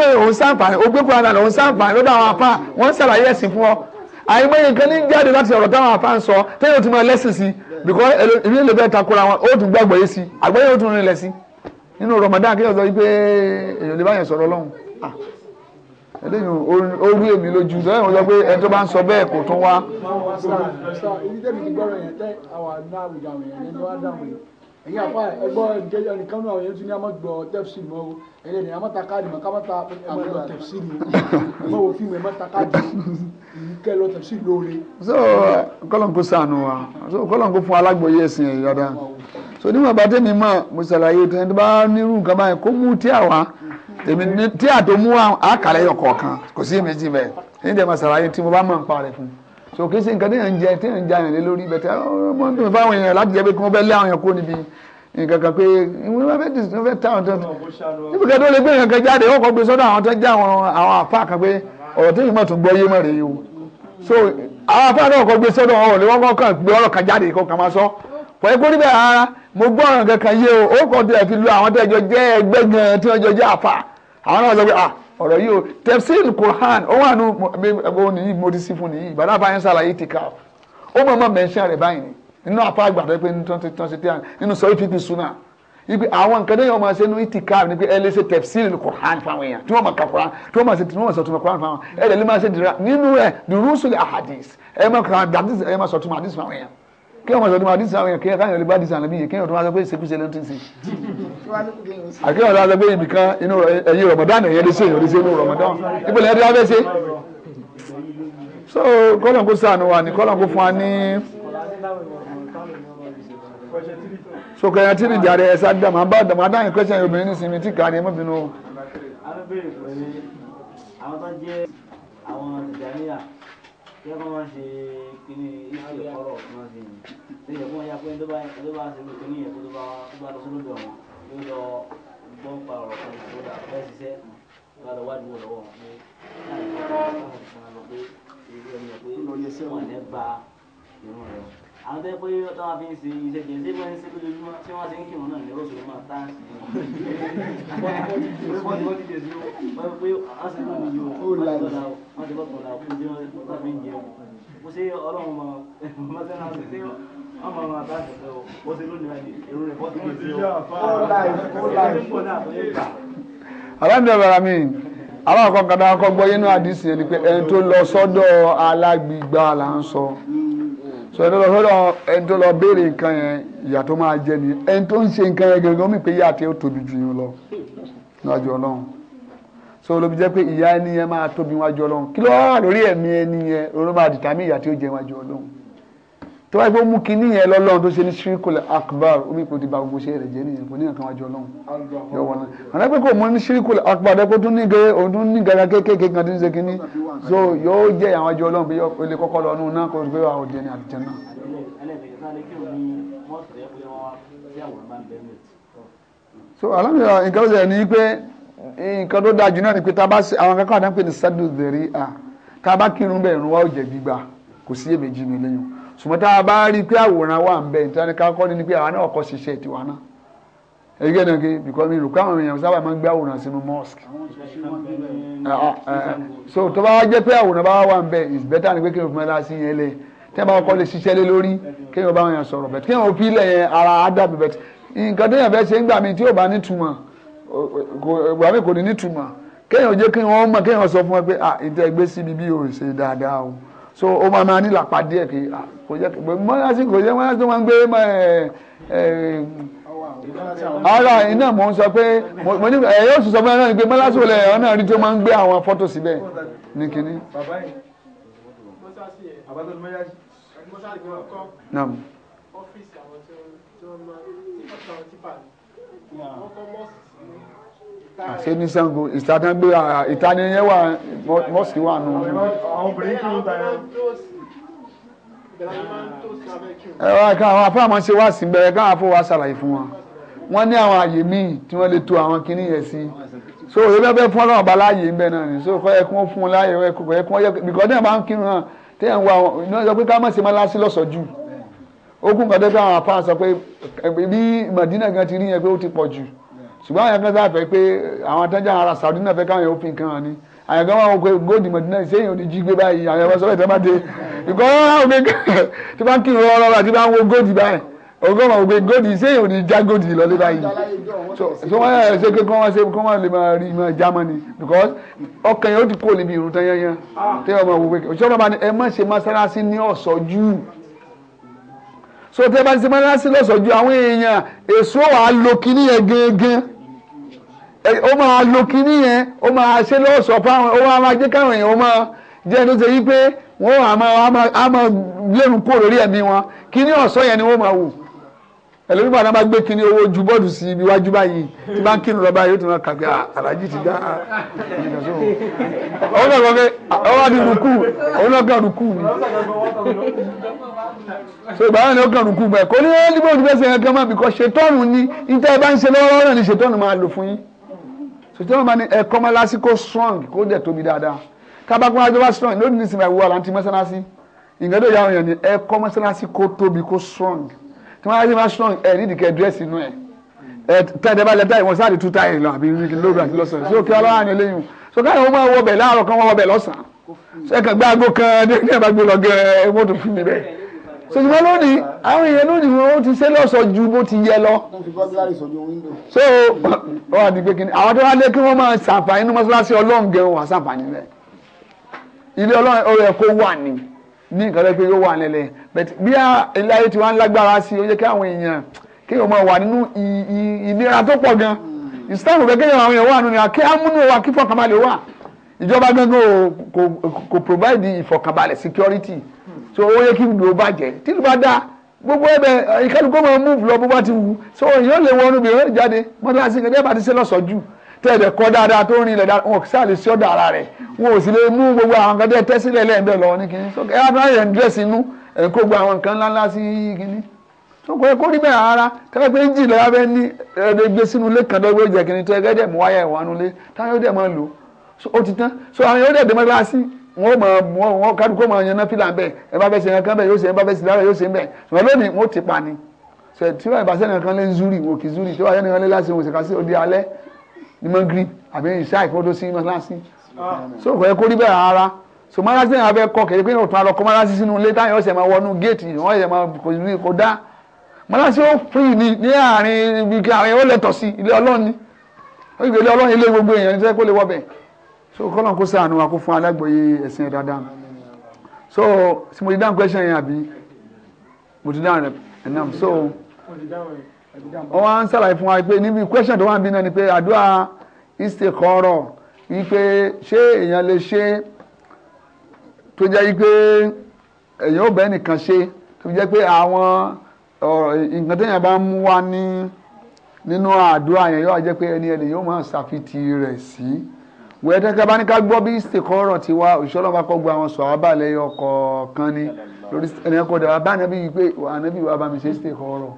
wọ́n àìmọye nǹkan ní jáde láti ọ̀rọ̀ táwọn afá ń sọ téyìn ó ti máa lẹ́sìn sí because èmi lè bẹ́ẹ̀ takora wọn ó tún gbàgbọ́ yé sí àgbáyé ó tún rìn lẹ̀ sí nínú Ramadan kí ọ̀sọ́ yìí pé èèyàn lè báyẹn sọ̀rọ̀ Ọlọ́run eléyìí ó rú èmi lójú lẹ́yìn wọ́n sọ pé ẹni tó bá ń sọ bẹ́ẹ̀ kò tún wá ẹ̀yin àfa ẹgbọ́ ẹ̀jẹ̀ nìkan náà ẹ̀yin tún ní àmọ́ gbọ́ tẹ́fsì mọ́ o ẹ̀yin ẹ̀yin àmọ́ ta káàdì mọ́ kámọ́ ta àmọ́ lọ tẹ́fsì ni ẹ̀mọ́ wo fíìmù ẹ̀mọ́ ta káàdì yìí kẹ́ lọ tẹ́fsì lóore. so kọ́lọ́n kó sànù wa so kọ́lọ́n kó fún alágbòye ẹ̀sìn ẹ̀ yọ̀dá so níwọ̀n bá tẹ̀mí mọ̀ mo ṣàlàyé tẹ̀ tó bá nírú nǹkan báyìí kó mú tí àwa tèmi tí àtòmú àkàlẹ́ yọ̀kọ̀ọ̀kan kò sí èmi jí bẹ́ẹ̀ ní ìdẹ̀ mo ṣàlàyé tí mo bá mọ̀ nípa rẹ̀ fún un so kì í ṣe nǹkan tí èèyàn ń jẹ tí èèyàn ń jẹ àyàn lé lórí bẹ̀tẹ̀ ọmọ uh, tó ń fáwọn èèyàn láti jẹ pé kí wọ́n fẹ́ lé àwọn èèyàn kó níbi nǹkan kan pé wọ́n fẹ́ dì wọ́n fẹ́ táwọn tó ń níbi kan lè gbé nǹkan kan jáde wọ́n kọ́ gbé sọ́dọ̀ àwọn tó ń jẹ́ àwọn àwọn àfa kan pé ọ̀rọ̀ tí ìmọ̀ tó gbọ́ yé mọ̀ rèé o so àwọn àfa náà kọ́ gbé sọ́dọ̀ wọn ò lè wọ́n kàn gbé ọ̀rọ̀ kan jáde kó kàn máa sọ pọ̀ ẹ́ kórìí bẹ́ẹ̀ rárá mo gbọ́ ọ̀rọ̀ yìí o tefsir Quran ó wà nù ẹ̀bùn nìyí mo ti sí fún nìyí bàdá bá yẹn ṣàlàyé ti kà ó mọ̀ mọ̀ mẹ́ṣẹ́ rẹ̀ báyìí nínú apá àgbàdo pé tán ṣe tẹ́ nínú sọ ìfipì súnà ibi àwọn nǹkan tó yẹ ọmọ ṣe nínú ìtìkáàbù ni pé ẹ lè ṣe tefsir Quran fáwọn èèyàn tí wọ́n mọ̀ ka Quran tí wọ́n mọ̀ ṣe tí wọ́n mọ̀ sọ̀tún Quran fáwọn ẹ lè lè máa ṣe nínú ẹ̀ durusul ahadis ẹ máa kàn án dàdís ẹ máa sọ̀tún ahadis fáwọn èèyàn kí ọmọ ìṣòdìmọ̀ àdìsí àwọn èèyàn kí ẹ̀ka ìrìnlẹ̀ bá dìsí ànábì yìí kí ọ̀tún wá sọ pé ìṣekúṣe ló ti ń sè. àkí ọ̀dọ́ àti pé ibìkan inú ẹ̀yìn rọ̀mọ̀dán ẹ̀yẹ lè ṣe èèyàn lè ṣe inú rọ̀mọ̀dán ìpìlẹ̀ ẹ̀dí abẹ́ ṣe. so kọ́lọ̀ kó sànù wà ní kọ́lọ̀ kó fún wa ní. so kẹyàn tí nìjà rẹ ẹsẹ àdàmà bá àdàmà adáyìn kẹsàn obìnrin ní sinmi tí kà ní ẹmọbìnrin o. àwọn jẹ́ kí wọ́n ṣe kíní iṣẹ́ ọ̀rọ̀ kí wọ́n ṣe yìí ṣe yẹ ya pé tó bá tó bá ṣe ló kíní yẹn kó tó bá lọ sí lójú ọ̀wọ́n yóò lọ gbọ́ pa ọ̀rọ̀ kan tó dà fẹ́ ṣiṣẹ́ tó bá lọ wádìí wò lọ́wọ́ pé láì fọ́ ọ̀rọ̀ kan tó bá lọ pé irú ẹni yẹn pé wọ́n ní irun rẹ̀ àwọn tẹ́ pé ọ̀tọ́ máa fi ń ṣe iṣẹ́ jẹ́ ṣé pé ń ṣe lójoojúmọ́ tí wọ́n ti ń kírun náà ní oṣù máa tá o wọ́n ti bọ́ wọ́n o mo ṣe lónìí báyìí o alhamdulilayi amin àwọn akọkàndá ẹni pé ẹni tó lọ sọ́dọ̀ alágbègbà là ń sọ so ẹni tó lọ sọ́dọ̀ ẹni tó lọ béèrè nǹkan yẹn ìyà tó máa jẹ nìyẹn ẹni tó ń ṣe nǹkan yẹn gẹ́gẹ́ omi pé ìyà tí ó tóbi jù yín lọ níwájú Ọlọ́run so ló fi jẹ́ pé ìyà ẹni yẹn máa tóbi níwájú Ọlọ́run kí ló wà lórí ẹ̀mí ẹni yẹn ló máa dìtàmí ìyà tí ó jẹ níwájú Ọlọ́run tó wáyé pé ó mú kinní yẹn lọ́lọ́run tó ṣe ní ṣírìkùl akbar omi ìpò ti ba gbogbo ṣe rẹ̀ jẹ́ nìyẹn kò ní nǹkan wájú ọlọ́run yóò wọ́n náà àná pé kò mú ní ṣírìkùl akbar dẹ́kun tún ní gẹ́gẹ́ òun tún ní gẹ́gẹ́ kéékèèké kan tó ń ṣe kinní so yóò jẹ́ àwọn wájú ọlọ́run pé yóò lè kọ́kọ́ lọ́nu náà kó gbé àwọn òjẹ́ ní àlùjẹ́ náà. so alámìíràn nǹkan ọ̀sẹ̀ ni pé nǹkan tó dáa jù náà ni pé tá a bá ṣe àwọn kankan àdánpè ní sádùn zèrè à tá a bá kírun bẹ́ẹ̀ rún wa ò jẹ́ gbígbà kò sí èméjì mi lẹ́yìn ṣùgbọ́n tá a bá rí i pé àwòrán wà ń bẹ ìtàn kọ́ ni pé àwa náà kọ́ ṣiṣẹ́ tiwa náà èyí gẹ́gẹ́ because mi rò pé àwọn èèyàn sábà máa ń gbé àwòrán mosque ah, ah, eh, eh. so tó bá wá jẹ́ pé àwòrán bá wà ń bẹ it's better ni pé kí n fi máa lásì yẹn lé tẹ́ bá kọ́ lè ṣiṣẹ́ lé lórí kí n bá wọn yàn sọ̀rọ̀ bẹ̀tẹ̀ kí n ò fi ilẹ̀ yẹn ara ádàbí bẹ̀tẹ̀ nǹkan tó yàn fẹ́ ṣe ń gbà mí tí ò bá nítumọ̀ wà mí kò ní nítumọ̀ kéèyàn jẹ́ kí wọ́n mọ̀ kéèyàn sọ fún wọn pé ah ìtẹ́ gbé síbi bí ò ṣe dáadáa o so ó máa máa nílà pa díẹ̀ kì í ah, kò jẹ́ pé mọ́yásí kò jẹ́ mọ́yásí tó máa ń gbé eh, eh, ara iná mò ń sọ pé mo ní ẹ eh, yóò sọ pé ẹ náà ní pé mọ́yásí ò lẹ̀ ẹ̀ náà rí tó máa ń gbé àwọn fọ́tò síbẹ̀ ní kínní. Nam. àwọn tí wọ́n máa ń tí wọ́n ti pa ní. Wọ́n kọ́ mọ́ọ̀sì àṣẹ ní Ṣàngó ìtàdángbé ìtàdé yẹn wà mọ́sìkì wà nù. àwọn obìnrin kì í ta ẹ. ẹ wá ká àwọn afọ àmọ́ ṣe wá sí bẹ́ẹ̀ káwọn afọ wa ṣàlàyé fún wa wọ́n ní àwọn àyè míì tí wọ́n lè to àwọn kinní yẹn sí so òye bẹ́ẹ̀ bẹ́ẹ̀ fún ọlọ́run ọba láàyè ń bẹ náà ni so kọ́ ẹ kí wọ́n fún un láàyè ẹ kọ́ ẹ kí wọ́n yẹ bìkọ́ dẹ́n bá ń kírun náà téèyàn wọ àwọn náà sọ pé ká má ṣe máa lásì lọ́sọ̀ọ́ jù ó kún kọ́ dẹ́gbẹ́ àwọn apá sọ pé bí Madina gan ti rí yẹn pé ó ti pọ̀ jù ṣùgbọ́n àwọn ẹ̀fẹ́ sáfẹ́ pé àwọn atẹ́jà ara Saudi náà fẹ́ káwọn yóò fi nǹkan hàn ni àyàn kan wà wọ́n pé góòdì mọ̀dínà ìṣẹ́yìn ò ní jí gbé báyìí àwọn ẹ̀fẹ́ sọ́fẹ́ tẹ́lá dé ìkọ́ ọ̀rọ̀ tí bá ń kírun ọ̀rọ̀ ọ̀rọ̀ àti bá ń wo góòdì báyìí ògbọ́n mọ̀ pé góòdì ìṣẹ́yìn ò ní já góòdì lọlé báyìí so wọ́n yà ṣe pé kọ́ wọ́n ṣe kọ́ wọ́n lè máa rí máa já mọ́ni because ọkàn yẹn ó ti kó níbi ìrùntàn yẹn yẹn ah. tẹ́wọ́ máa wo pé òṣèlú ọba ni ẹ má ṣe mọ́sálásí ní ọ̀sọ́jú so tẹ́ bá ti ṣe mọ́ṣáláṣí lọ́sọ̀ọ́ ju àwọn èèyàn èso wàá lo kinní yẹn gangan ó máa lo kinní yẹn ó máa ṣe lọ́sọ̀ọ́ fáwọn ó máa máa jẹ́ káwọn èèyàn ó máa jẹ́ tó ṣe yí pé wọ́n á máa á máa lérun kó lórí ẹ̀mí wọn kinní ọ̀sọ́ yẹn ni wọ́n máa wù ẹlẹ́nu bá náà bá gbé kinní owó ju bọ́ọ̀dù sí ibi iwájú báyìí tí bá ń kírun lọ́ba yóò tún lọ kàgbé alájí ah, ti dá ọ̀hún náà lọ́kẹ́ ọ̀hún náà so ìgbà wọn ni ó kàn rúkú gbẹ kò ní wọn dìbò ojú bẹsẹ kankan máa bìkọ ṣètọ́nù ni níta ẹ bá ń ṣe lọ́wọ́ náà ni ṣètọ́nù máa lò fún yín ṣètọ́nù máa ní ẹ̀kọ́ máa lásìkò strong kó dẹ̀ tóbi dáadáa kábàkú máa jọba strong lónìí ní sinmi àwòrán àti mọ́sálásí ìgbẹ́dọ̀ ìyá wọn yẹn ni ẹ̀kọ́ mọ́sálásí kó tóbi kó strong tí wọ́n á yẹ máa strong ẹ̀ nídìí kẹ́ dírẹ́sì inú ẹ̀ tẹ́tẹ́ bá lẹ́tà ìwọ̀n sáàdì túta ẹ̀ lọ àbí lóru àti lọ́sàn-án so kí ọlọ́run àná eléyìí so káyọ̀ wọ́n máa wọ bẹ̀ láàárọ̀ kan wọ́n wọ bẹ̀ lọ́sàn-án so ẹ̀kan gbáàgó kan ní ẹ̀bá gbé lọ gẹ́ mọ́tò fún mi bẹ́ẹ̀ ṣùgbọ́n lónìí àwọn èèyàn lónìí wọn ó ti ṣe lọ́sọ̀ ju bó ti yẹ lọ. so wọ́n àti pé kíni àwọn tó wá dé kí wọ́n máa ṣàǹfààní ní mọ́ṣáláṣí ọlọ́run gẹ̀ wọ́n ṣàǹfààní rẹ̀ ilé ọlọ́run ọ̀rọ̀ ẹ̀ kó wà ní ní nǹkan lẹ́pẹ́ yóò wà nílẹ̀ but bí ilé ayé ti wá ń lágbára sí ó yẹ kí àwọn èèyàn kí wọ́n máa wà nínú ìnira tó pọ̀ gan ìsìtẹ́ẹ̀mù kẹ́kẹ́ yẹn àwọn èèyàn wà nínú kí ámúnú wa kí fọkànbalẹ̀ wà ìjọba gangan kò provide ìfọkànbalẹ̀ security so ó yẹ kí ìlú ó bàjẹ́ tí ìlú bá dáa gbogbo ẹbẹ ìkálukú máa múùfù lọ bó bá ti wù so èèyàn lè wọnú bí èèyàn lè jáde mọ́tàlásí nǹkan dẹ́gbà ti ṣe lọ́sọ̀ọ́ jù tẹ̀lé kọ́ dáadáa tó rin ilẹ̀ dáadáa wọn ò sáà lè ṣe ọ̀dà ara rẹ̀ wọn ò sì lè mú gbogbo àwọn kan tẹ́ sílẹ̀ lẹ́ẹ̀bẹ̀ lọ ní kínní sókè ẹ̀ bá yẹn dírẹ́sì inú ẹ̀ kó gbogbo àwọn nǹkan ńláńlá sí kínní sókè ẹ̀ kó rí bẹ́ẹ̀ ara tẹ́lẹ̀ pé jì lọ́yà bẹ́ẹ̀ ní ẹ̀ẹ́dẹ́ gbé sínú ilé kan lọ́wọ́ ìjẹ́ kínní tẹ́lẹ̀ gẹ́dẹ̀ mú wáyà ìwọ̀n anulé táwọn yóò dẹ̀ máa lò ó ti tán so àwọn yóò dẹ̀ dẹ́mọ́gbára wọn máa mú wọn kálukú máa yan náfìlà bẹ́ẹ̀ ẹ bá fẹ́ ṣe nǹkan bẹ́ẹ̀ yóò ṣe ẹ bá fẹ́ ṣe lára yóò ṣe bẹ́ẹ̀ ṣùgbọ́n lónìí wọn ò ti pa ni tí wọn ìbáṣẹ nìkan lé zuri zúrì wọn kì í zúrì tí wọn ayé nìkan lé láti wọn ṣèkà sí òde alẹ́ ní mọgírì àbí ìṣe àìkọ́dọ̀ sí mọ́ṣáláṣí so kò yẹ kó rí bẹ́ẹ̀ rárá so mọ́ṣáláṣí náà fẹ́ kọ́ kẹ́lẹ́ pé òtún alọ́kọ́ mọ́ṣáláṣí sínú ilé táyọ̀ ṣẹ̀ máa wọnú géètì wọ́n ṣẹ̀ máa kò rí kò dá mọ́ṣáláṣí ó fún yìí ní àárín ibi kí àwọn èèyàn ó lẹ́tọ̀ sí ilé ọlọ́run ni ó yìí so kọ́lọ́n kó ṣàánú wa kó fún alágbòye ẹ̀sìn dáadáa so mo ti dáhùn question yẹn àbí mo ti dáhùn rẹ so wọ́n wá ń ṣàlàyé fún wa pé níbi question tó wà níbí náà ni pé àdúrà ìsèkọ́rọ̀ yìí pé ṣé èèyàn lè ṣe tó jẹ́ yìí pé èèyàn ò bẹ́ẹ̀ nìkan ṣe tó jẹ́ pé àwọn nǹkan téèyàn bá ń mú wá nínú àdúrà yẹn yóò jẹ́ pé ẹni ẹni yóò máa ṣàfitì rẹ̀ sí wẹ́ẹ́ tẹ́ka bá ní ká gbọ́ bí ìsìnkọ́rọ̀ ti wá òṣìṣẹ́ ọlọ́run bá kọ́ gba àwọn sọ̀hábà lẹ́yọ kọ̀ọ̀kan ni lórí ẹnìyàn kọ́ dàbà bá ànábì yìí pé ànábì wa bá mi ṣe ìsìnkọ́rọ̀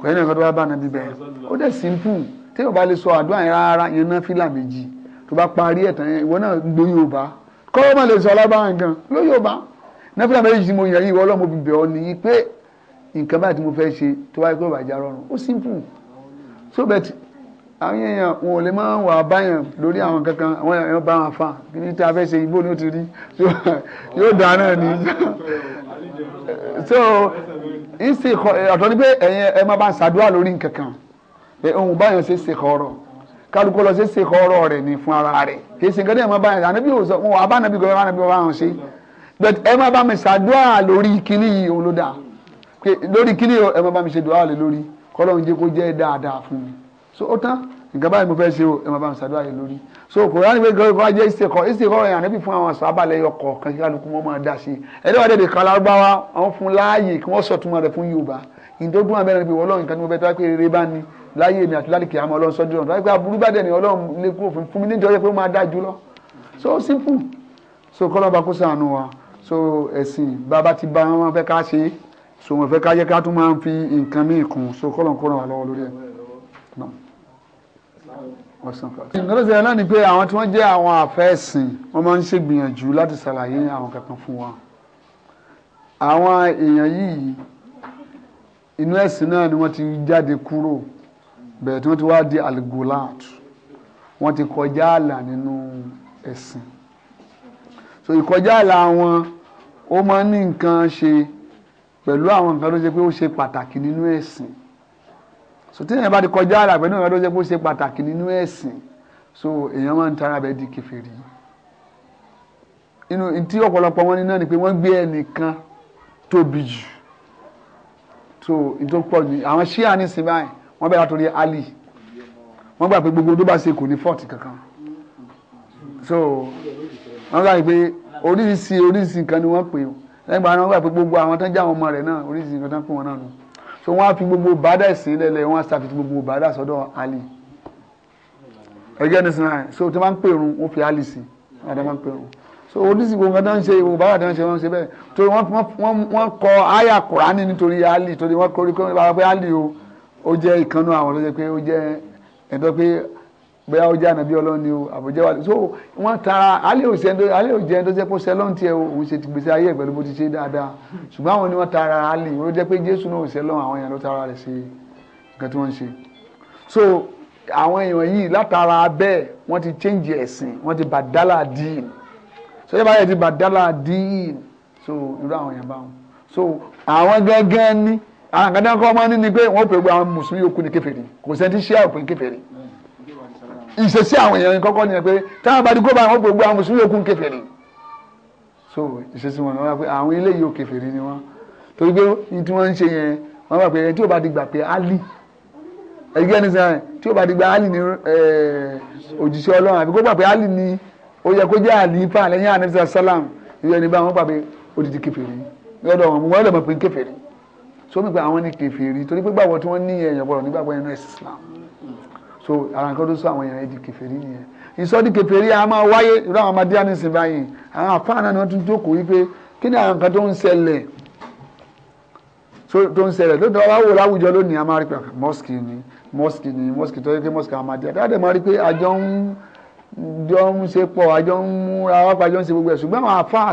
kò yẹn nìkan tó bá bá ànábì bẹ́ẹ̀ ó dẹ̀ simple tí yóò bá lè sọ àdúrà yẹn rárá yẹn ná fílà méjì tó bá parí ẹ̀tàn yẹn ìwọ náà gbé Yorùbá kọ́wọ́ má lè sọ alábàáràn gan ló Yorùbá ná fílà méjì tí so bẹ́ẹ̀ àwọn èèyàn wọn ò lè máa wà báyàn lórí àwọn kankan àwọn èèyàn bá wọn fa kí ní tí a fẹ́ ṣe igbó ni ó ti rí yóò dá náà ni so ìsì ọ̀tọ̀ ni pé ẹ̀yin ẹ máa bá ń ṣàdúrà lórí nkankan ohun báyàn ṣe ṣe kọ̀ọ̀rọ̀ kálukú lọ ṣe ṣe kọ̀ọ̀rọ̀ rẹ̀ ní fún ara rẹ̀ kì í ṣe nǹkan tí ẹ máa bá yàn ànábì ò sọ wọn àbánábì gbọ́dọ̀ ànábì wọn bá wọn ṣe but ẹ máa bá mi ṣàdúrà lórí kíní yìí òun ló dáa lórí kíní ẹ máa bá mi ṣe dùn àlè lórí kọ́lọ́run jẹ́ so ó tán nǹkan báyìí mo fẹ́ ṣe o ẹ máa bá mi ṣàdúrà yẹn lórí so Kùránì pé gbọ́dọ̀ wá jẹ́ ìṣèkọ́ ìṣèkọ́ rẹ̀ ànábì fún àwọn àṣàbà lẹ́yọ kọ̀ọ̀kan kí kálukú wọn máa dá sí i ẹ̀dọ́ wàá dẹ̀dẹ̀ kan lárúbáwá àwọn fún láàyè kí wọ́n sọ̀túnmọ́ rẹ̀ fún Yorùbá ìdógún abẹ́rẹ́ níbi Ọlọ́run nǹkan tí mo fẹ́ tọ́ pé rere bá ní láyé mi àti lálìkì àmọ́ Ọlọ́run sọ́jú ọ̀run pé aburú bá dẹ̀ ní Ọlọ́run lè kúrò fún mi níjọ́ yẹ pé ó máa dá jù lọ so simple so kọ́lọ́ba kó sànù wa so ẹ̀sìn bàbá ti bá wọn fẹ́ ká ṣe so wọn fẹ́ ká yẹ ká tún máa ń fi nǹkan míì so kọ́lọ́n kó ràn wá lọ́wọ́ ọ̀sán kan. náà ni pé àwọn tí wọ́n jẹ́ àwọn àfẹ́sìn wọ́n máa ń ṣègbìyànjú láti ṣàlàyé àwọn kankan fún wa. àwọn èèyàn yìí inú ẹ̀sìn náà ni wọ́n ti jáde kúrò bẹ̀rẹ̀ tí wọ́n ti wá di aligolat wọ́n ti kọjá ààlà nínú ẹ̀sìn. so ìkọjá ààlà wọn ó máa ń ní nǹkan ṣe pẹ̀lú àwọn nǹkan tó ṣe pé ó ṣe pàtàkì nínú ẹ̀sìn so tí èèyàn bá ti kọjá àlà pẹ̀lú ìrìn àdójẹ́ bó ṣe pàtàkì nínú ẹ̀sìn so èèyàn máa ń tara bẹ́ẹ̀ di kèfèrí inú tí ọ̀pọ̀lọpọ̀ wọn ní náà ni pé wọ́n gbé ẹnìkan tóbi jù so nítorí pọ̀ ní àwọn ṣíà ní sinmi báyìí wọ́n bẹ̀rẹ̀ àtòrí Ali wọ́n gbà pé gbogbo tó bá ṣe kò ní fọ́ọ̀tì kankan so wọ́n gbà pé oríṣiríṣi oríṣiríṣi nǹkan ni wọ́n pè ó lẹ́gbàá wọn gbà pé gbogbo àwọn tó ń já àwọn ọmọ rẹ̀ náà oríṣiríṣi nǹkan tó pè wọn náà nù so wọ́n á fi gbogbo bàdà ẹ̀sìn lẹ́lẹ̀ wọ́n á ṣàfihàn gbogbo bàdà sọ́dọ̀ ali ẹgbẹ́ ní sinai so tí wọ́n ń pèrún wọ́n fi ali sí adé máa ń pèrún so oríṣi gbogbo tó ń ṣe gbogbo bàdà tó ń ṣe wọ́n ṣe bẹ́ẹ̀ tó wọ́n kọ àyà kùránì nítorí ali torí wọ́n kọ́ orí kọ́ ali o ó jẹ́ ìkànnú àwọn tó jẹ́ pé ó jẹ́ ẹ̀dọ́ pé bóyá ó jẹ́ ànábí ọlọ́run ni o àbújá wà so wọ́n tara alẹ́ òjẹ́ tó jẹ́ kó sẹ́lọ́n tiẹ̀ òun ṣe ti gbèsè ayé ẹ̀ pẹ̀lú bó ti ṣe dáadáa ṣùgbọ́n àwọn ni wọ́n tara alẹ́ ó jẹ́ pé jésù náà ò sẹ́lọ́n àwọn èèyàn ló tara rẹ̀ ṣe nǹkan tí wọ́n ń ṣe so àwọn èèyàn yìí látara bẹ́ẹ̀ wọ́n ti change ẹ̀sìn wọ́n ti bàdálà dín so yẹ́ báyẹ̀ ti bàdálà dín so irú àwọn so àwọn gẹ́gẹ́ ní àwọn kan dáńkọ́ máa ń ní ni pé wọ́n pè ìṣesí àwọn èèyàn kọ́kọ́ nìyẹn pé táwọn bá dúró báyìí wọ́n gbogbo àwọn mùsùlùmí òkun kèfèrí so ìṣesí wọn ni wọ́n wá pé àwọn eléyìí ò kèfèrí ni wọ́n torí pé ní tí wọ́n ń ṣe yẹn wọ́n wá pé ẹni tí ò bá di gbà pé ali ẹgbẹ́ ní sàn tí ò bá di gbà ali ni òjíṣẹ́ ọlọ́run àbí kó gbà pé ali ni ó yẹ kó jẹ́ àlífà lẹ́yìn anabisa salam ìyọ ni bá wọn gbà pé odidi kèfèrí lọ́dọ̀ wọn mo wọ́n lè mọ̀ pé kèfèrí so mi ni kèfèrí torí ní ẹ̀yàn gbọ́dọ̀ nígbàgbọ́ ẹ̀yàn náà Islam so ara nǹkan tó sọ àwọn èèyàn di kèfèrí nìyẹn ìsọdí kèfèrí a máa wáyé irú àwọn amadíyá ní sin báyìí àwọn àfáà náà ni wọ́n tún jókòó wípé kí ni àwọn nǹkan tó ń ṣẹlẹ̀ tó ń ṣẹlẹ̀ lóòótọ́ wá wò láwùjọ lónìí a máa rí pé ah, mọ́sìkì ni mọ́sìkì ni mọ́sìkì tó yẹ kí mọ́sìkì amadíyá tó máa rí pé àjọ ń jọ ń ṣe pọ̀ àjọ ń múra wá pàjọ ń ṣe gbogbo ẹ̀ ṣùgbọ́n àwọn àfáà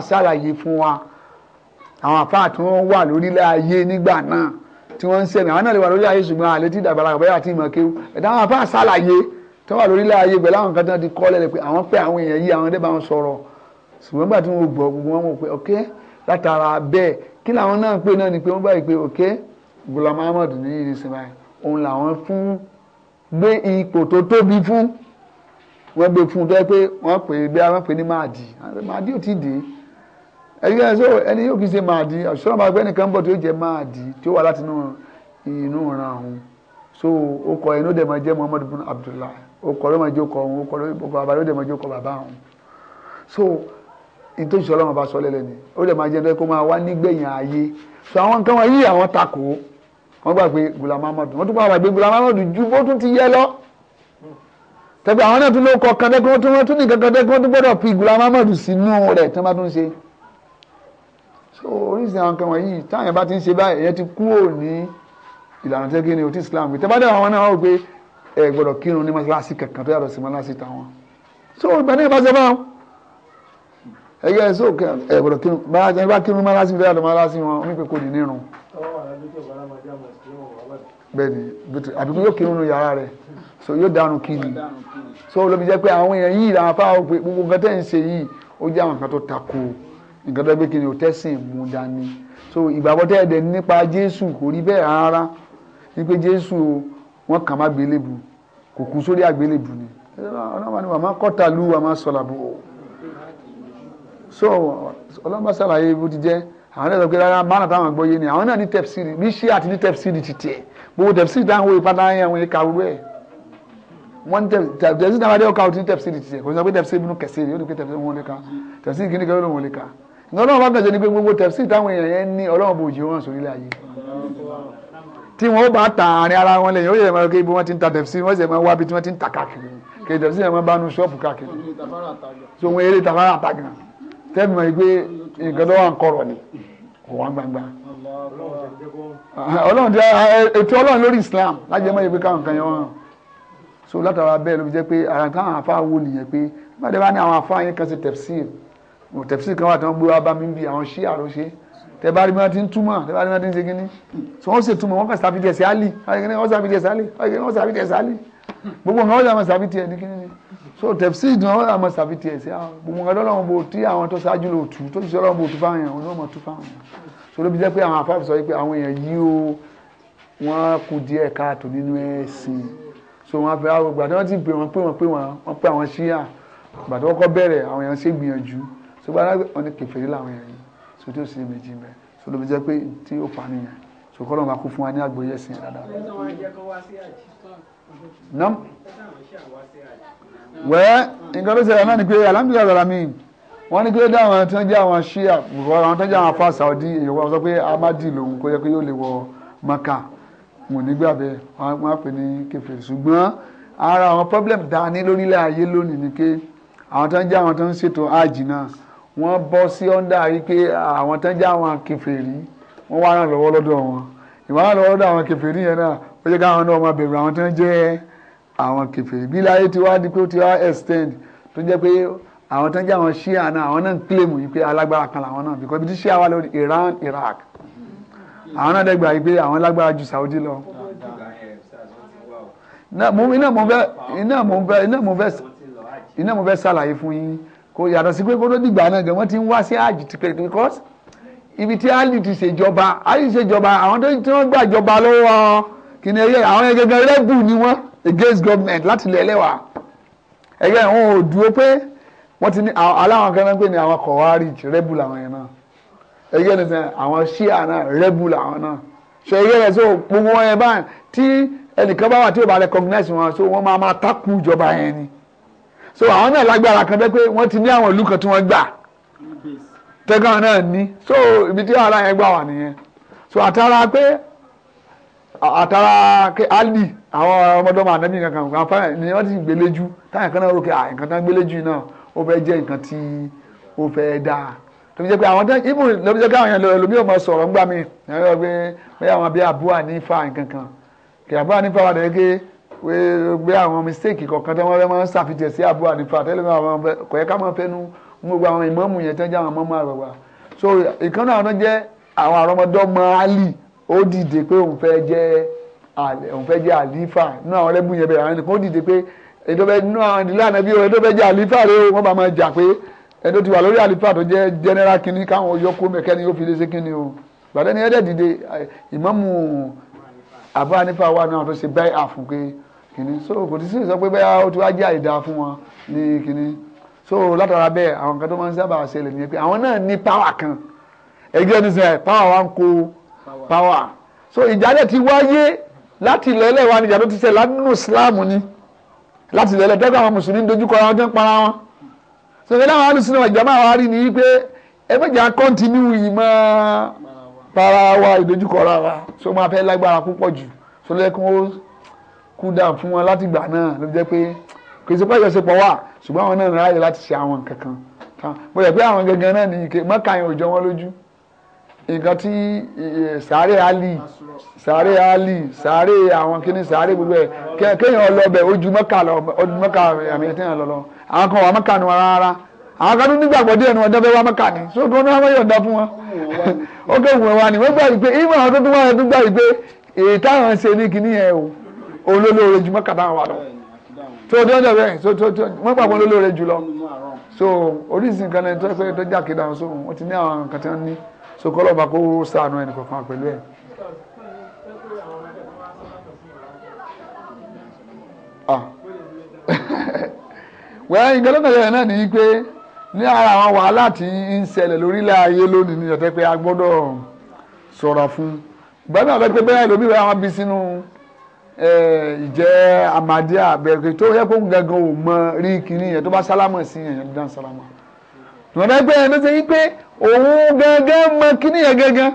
tí wọ́n ń sẹ́mi àwọn náà lè wà lórí ayé ṣùgbọ́n àlè tí ìdàgbàlà àbẹ́ àti ìmọ̀ kéwù ẹ̀dá àwọn afá ṣàlàyé tó wà lórí ayé pẹ̀lú àwọn kan tó ti kọ́ lẹ́lẹ̀ pé àwọn fẹ́ àwọn èèyàn yí àwọn débà wọn sọ̀rọ̀ ṣùgbọ́n gbà tí wọ́n gbọ́ gbogbo wọn mọ̀ pé ok látara bẹ́ẹ̀ kí làwọn náà pè náà ni pé wọ́n báyìí pé ok Ghulam Ahmad ní ìrì sinmi òun làwọn fún gbé ipò tó tóbi fún wọ́n gbé fún tó yẹ pé wọ́n pè é bí wọ́n pè é ní máàdì máàdì ò tí ì dé ẹ̀yìn ẹ̀ so ẹni yóò kì í ṣe máa di ọ̀ṣọ́nà máa gbé ẹnìkan bọ̀ tí ó jẹ́ máa di tí ó wà láti inú ìran òun so ó kọ ẹni jẹ́ Muhammad bin Abdullah ó kọ ló máa jẹ́ ọkọ òun ó kọ bàbá ló dẹ̀ máa jẹ́ ọkọ bàbá òun so ìtò ìṣọ́ ọlọ́run bá sọ lẹ́lẹ́ ni ó dẹ̀ máa jẹ́ ẹni kó máa wá nígbẹ̀yìn ayé so àwọn nǹkan wọ̀nyí àwọn takò wọ́n gbà pé Ghulam Ahmad wọ́n tún padà gbé Ghulam Ahmad ju bó tún ti yẹ lọ tẹ̀bí àwọn náà tún ló kọ kan dẹ́kun tún ní kankan dẹ́kun tún gbọ́dọ̀ fi Ghulam Ahmad sínú rẹ̀ tí wọ́n bá so oríṣiríṣi àwọn kan wọ̀nyí táwọn yẹn bá ti ń ṣe báyìí ìyẹn ti kúrò ní ìlànà tẹ́gí ni òtí Islam gbé tẹ́bá dẹ̀ àwọn náà wọ́n gbé ẹ gbọ́dọ̀ kírun ní mọ́ṣáláṣí kankan tó yàtọ̀ sí mọ́ṣáláṣí táwọn so ìgbà náà bá ṣe báwọn ẹgbẹ́ so ẹ gbọ́dọ̀ kírun bá kírun mọ́ṣáláṣí tó yàtọ̀ mọ́ṣáláṣí wọn omi pé kò ní nírun bẹ́ẹ̀ni àbíkú yóò kírun ní yàrá rẹ̀ so yóò dànù kiri so olóbi jẹ́ pé àwọn èèyàn yìí làwọn afáwọn gbogbo nǹkan tẹ́ ń ṣe yìí ó jẹ́ àwọn nǹkan tó takò nǹkan tó gbé kiri òtẹ́sìn mú dání so ìgbàgbọ́ tẹ́ ẹ̀dẹ̀ nípa Jésù kò rí bẹ́ẹ̀ rárá wípé Jésù wọn kàn má gbélébu kò kú sórí àgbélébu ni ọlọ́mọ ni màmá kọ́ta lu àmà sọ̀là bò so ọlọ́mọ sàlàyé bó ti jẹ́ àwọn náà sọ pé rárá mánà táwọn gbọ́ yé ni àwọn náà ní tẹ̀fsìrì ní ṣé àti ní tẹ̀fsìrì ti tiẹ̀ gbogbo tẹ̀fsìrì táwọn wòye pátá yẹn àwọn ìka wúwẹ́ wọ́n ní tẹ̀fsìrì táwọn adé ọkà ọtí ní tẹ̀fsìrì ti tiẹ̀ kò ní sọ pé tẹ̀fsìrì bínú kẹsìrì ó ní pé tẹ̀fsìrì wọn lè ka tẹ̀fsìrì kìíní kẹsìrì ní ọlọ́run bá bẹ̀rẹ̀ ní pé gbogbo tẹ̀sí táwọn èèyàn yẹn ní ọlọ́run bòjì wọn sórílẹ̀ ayé tí wọn ó bá ta àárín ara wọn lẹ́yìn ó yẹ máa kí ibi wọn ti ń ta tẹ̀sí wọn sì máa wá bí tí wọn ti ń ta káàkiri kì í tẹ̀sí yẹn máa bá nu ṣọ́ọ̀bù káàkiri so wọn eré tafara àtàgàn tẹ́mi mọ̀ pé nǹkan tó wà ń kọ̀rọ̀ ni kò wá gbangba ọlọ́run ti ètò ọlọ́run lórí Islam lájẹ́ mọ́ ibi káwọn kan yẹn wọn so látara bẹ́ẹ̀ ló fi jẹ́ pé àràǹtà àwọn afáwò nìyẹn pé bá tẹ̀sí kan wà tí wọ́n gbé wá bá mi bí àwọn ṣí àròṣe tẹ bá rí mi ti ń túmọ̀ tẹ bá rí mi ti ń ṣe kínní so wọ́n sì túmọ̀ wọ́n kàn sábì tiẹ̀ sálì wọ́n sábì tiẹ̀ sálì wọ́n sábì tiẹ̀ sálì gbogbo nǹkan wọ́n sábì sábì tiẹ̀ ní kínní ni so tẹ̀sí ìdùn wọ́n sábì sábì tiẹ̀ sí àwọn gbogbo nǹkan lọ́lọ́run bò tí àwọn tó ṣáájú lò tù tó ṣiṣẹ́ lọ́run bò tù fáwọn èèyàn onímọ̀ tù so ló fi jẹ́ pé àwọn afáfẹ́ sọ pé àwọn èèyàn wọ́n kù díẹ̀ káàtó so wọ́n fẹ́ àwọn ìgbà tí wọ́n ti pè wọ́n pè wọ́n pè wọ́n pè èèyàn ṣùgbọ́n arábìnrin wọn ni kẹfẹ́rí làwọn èèyàn yìí so tí ó sì méjì mẹ́ so ló fi pé tí ó pa nìyẹn so kọ́ lọ́n máa fún wa ní àgbóyè ẹ̀sìn dáadáa. nam wẹ́ẹ́ nǹkan tó ṣẹlẹ̀ náà ni pé alhamdulilayi rárá mi wọ́n ní kí ló àwọn tí wọ́n jẹ́ àwọn ṣíà àwọn tí wọ́n jẹ́ àwọn afá Saudi èyí wọ́n sọ pé amadi lòun kó yẹ pé yóò lè wọ maka wọn nígbà bẹ́ẹ̀ wọ́n á pè ní kẹfẹ́ ṣùgbọ́n ara àwọn problem dání lórílẹ̀ ayé lónìí ni pé àwọn tí wọ́n jẹ́ àwọn tí ń ṣètò àjì náà wọ́n bọ́ sí ọ́ndà wípé àwọn tán já àwọn kèfèrí wọ́n wá ràn lọ́wọ́ lọ́dọ̀ wọn ìwọ́n ràn lọ́wọ́ lọ́dọ̀ àwọn kèfèrí yẹn náà ó jẹ́ káwọn náà máa bẹ̀rù àwọn tán jẹ́ àwọn kèfèrí bí láyé ti wá di pé ó ti wá extend tó jẹ́ pé àwọn tán já àwọn ṣíà náà àwọn náà ń claim yìí pé alágbára kan làwọn náà because ibi tí ṣíà wà lórí Iran Iraq àwọn náà dẹ́gbà yìí pé àwọn lágbára ju Saudi lọ. iná mo fẹ́ iná mo fẹ́ iná mo fẹ́ ṣàlàyé fún yín kò yàtọ̀ sí pé kótó dìgbà náà gan wọ́n ti ń wá sí àjì tipẹ́ because ibi tí ali ti ṣèjọba ali ti ṣèjọba àwọn tó ti wọ́n gbàjọba lọ́wọ́ kìnìún ẹ̀yẹ àwọn ẹ̀yẹ gan rẹ́bù ni wọ́n against government láti lè ẹlẹ́wà ẹ̀yẹ wọn ò dúró pé wọ́n ti ní aláwọn kan náà pé ní àwọn kọ̀wárì rẹ́bù làwọn yẹn náà ẹ̀yẹ ní sẹ́yìn àwọn ṣíà náà rẹ́bù làwọn náà ṣe ẹ̀yẹ rẹ̀ sọ gbogbo wọn yẹn báyìí tí ẹnìkan bá wà tí ò bá recognize wọn so wọ́n máa máa takú ìjọba yẹn ni so àwọn náà lágbára kan bẹ́ẹ̀ pé wọ́n ti ní àwọn ìlú kan tí wọ́n gbà tẹ́gàn náà ní so ibi tí ara yẹn gbà wà nìyẹn so àtàrà pé àtàrà ali àwọn ọmọdọ́mọ ànábì kankan kan fáwọn ni wọ́n ti gbéléjú táyà kan náà rò pé à nǹkan tán gbéléjú náà ó fẹ́ jẹ́ nǹkan tí ó fẹ́ dáa tòbí jẹ́ pé àwọn tán ibùn lóbi jẹ́ káwọn yẹn lọ ẹlòmíì ò mọ sọ̀rọ̀ ńgbà mi ẹ̀rọ pé bẹ́ẹ̀ àwọn abẹ́ àbúrò ànífà gbé àwọn mistake kọ̀ọ̀kan tí wọ́n fẹ́ máa ń ṣàfihàn sí àbúrò ànífà tẹ́lẹ̀ àwọn kò ká máa fẹ́nu ń gbogbo àwọn ìmáàmù yẹn tán jẹ́ àwọn mọ́mọ́ àgbàgbà so ìkànnì àwọn jẹ́ àwọn àrọ́mọdọ́mọ Ali ó dìde pé òun fẹ́ jẹ́ òun fẹ́ jẹ́ àlífà nínú àwọn ẹlẹ́bùn yẹn bẹ̀rẹ̀ àwọn ẹnìkan ó dìde pé nínú àwọn ìdílé ànábí o èdòbẹ jẹ́ àlífà rẹ o wọ́n bá máa kìíní so kò tí sì sọ pé bẹ́ẹ̀ ó ti wá jẹ́ àìdá fún wọn ní kìíní so látara bẹ́ẹ̀ àwọn kan tó máa ń sábà ṣẹlẹ̀ nìyẹn pé àwọn náà ní power kan ẹgbẹ́ ní sẹ́yìn power wa ń kó power so ìjálẹ̀ ti wáyé láti lẹ́lẹ̀ wa ni ìjà tó ti ṣẹlẹ̀ nínú Islam ni láti lẹ́lẹ̀ tẹ́gbà àwọn mùsùlùmí dojúkọ ara wọn para wọn so ìdílé àwọn alùsùn náà ìjàmbá àwọn arí ni wípé ẹgbẹ́jà continue ìmọ̀ para wa ìdojúkọ ara wa so máa fẹ́ lágbára púpọ̀ jù so lẹ́kùn ó kú dà fún wọn láti ìgbà náà ló jẹ́ pé kìí ṣe pé ìjọsepọ̀ wà ṣùgbọ́n àwọn náà ráyè láti ṣe àwọn nǹkan tán mo yẹ pé àwọn gangan náà ní ike mọ́ka yẹn ò jọ wọn lójú nǹkan tí sàárè ali sàárè ali sàárè àwọn kíní sàárè gbogbo ẹ̀ kéèyàn ọlọ́bẹ̀ ojú mọ́ka lọ ojú mọ́ka àmì ẹ̀tẹ́ yẹn lọ lọ àwọn kan wà mọ́ka ni wọn rárá àwọn kan tó nígbàgbọ́ díẹ̀ ni wọ́n dábẹ́ wá mọ́ka ni so kí wọ́n náà wọ́n yọ̀ǹda fún wọn ó kéwòn wa ni wọ́n gbà yìí pé ìmọ̀ àwọn tó tún wà tó gbà yìí pé èyí táwọn ṣe ní kíní yẹn o olólóore jù mọ́kàtà wà lọ tó tó dẹ̀ bẹ́ẹ̀ tó tó tó wọ́n gbà wọn olólóore jù lọ so oríṣi nǹkan náà tó pé tó jà kéde àwọn sóhun wọ́n ti ní àwọn nǹkan tí wọ́n ní so kọ́ lọ́ba kó sànù ẹnì kọ̀ọ̀kan pẹ̀lú ẹ̀. Ah. wẹ́n ìgbẹ́lẹ́gbẹ̀lẹ́ náà ní pé ní ara àwọn wàhálà tí ń ṣẹlẹ̀ lórílẹ̀ ayé lónìí ni ọ̀tẹ́ pé a gbọ́dọ̀ sọ̀rọ̀ fún gbọ́dọ̀ ọ̀tẹ́ pé bẹ́ẹ̀ lómi rẹ̀ àwọn bí sínú ìjẹ́ amadi àbẹ̀rẹ̀ tó yẹ kó gangan ò mọ rí kinní yẹn tó bá sálámà sí yẹn yẹn dídán sálámà lọ́dọ̀ ẹgbẹ́ yẹn ló ṣe wípé òun gangan mọ kinní yẹn gangan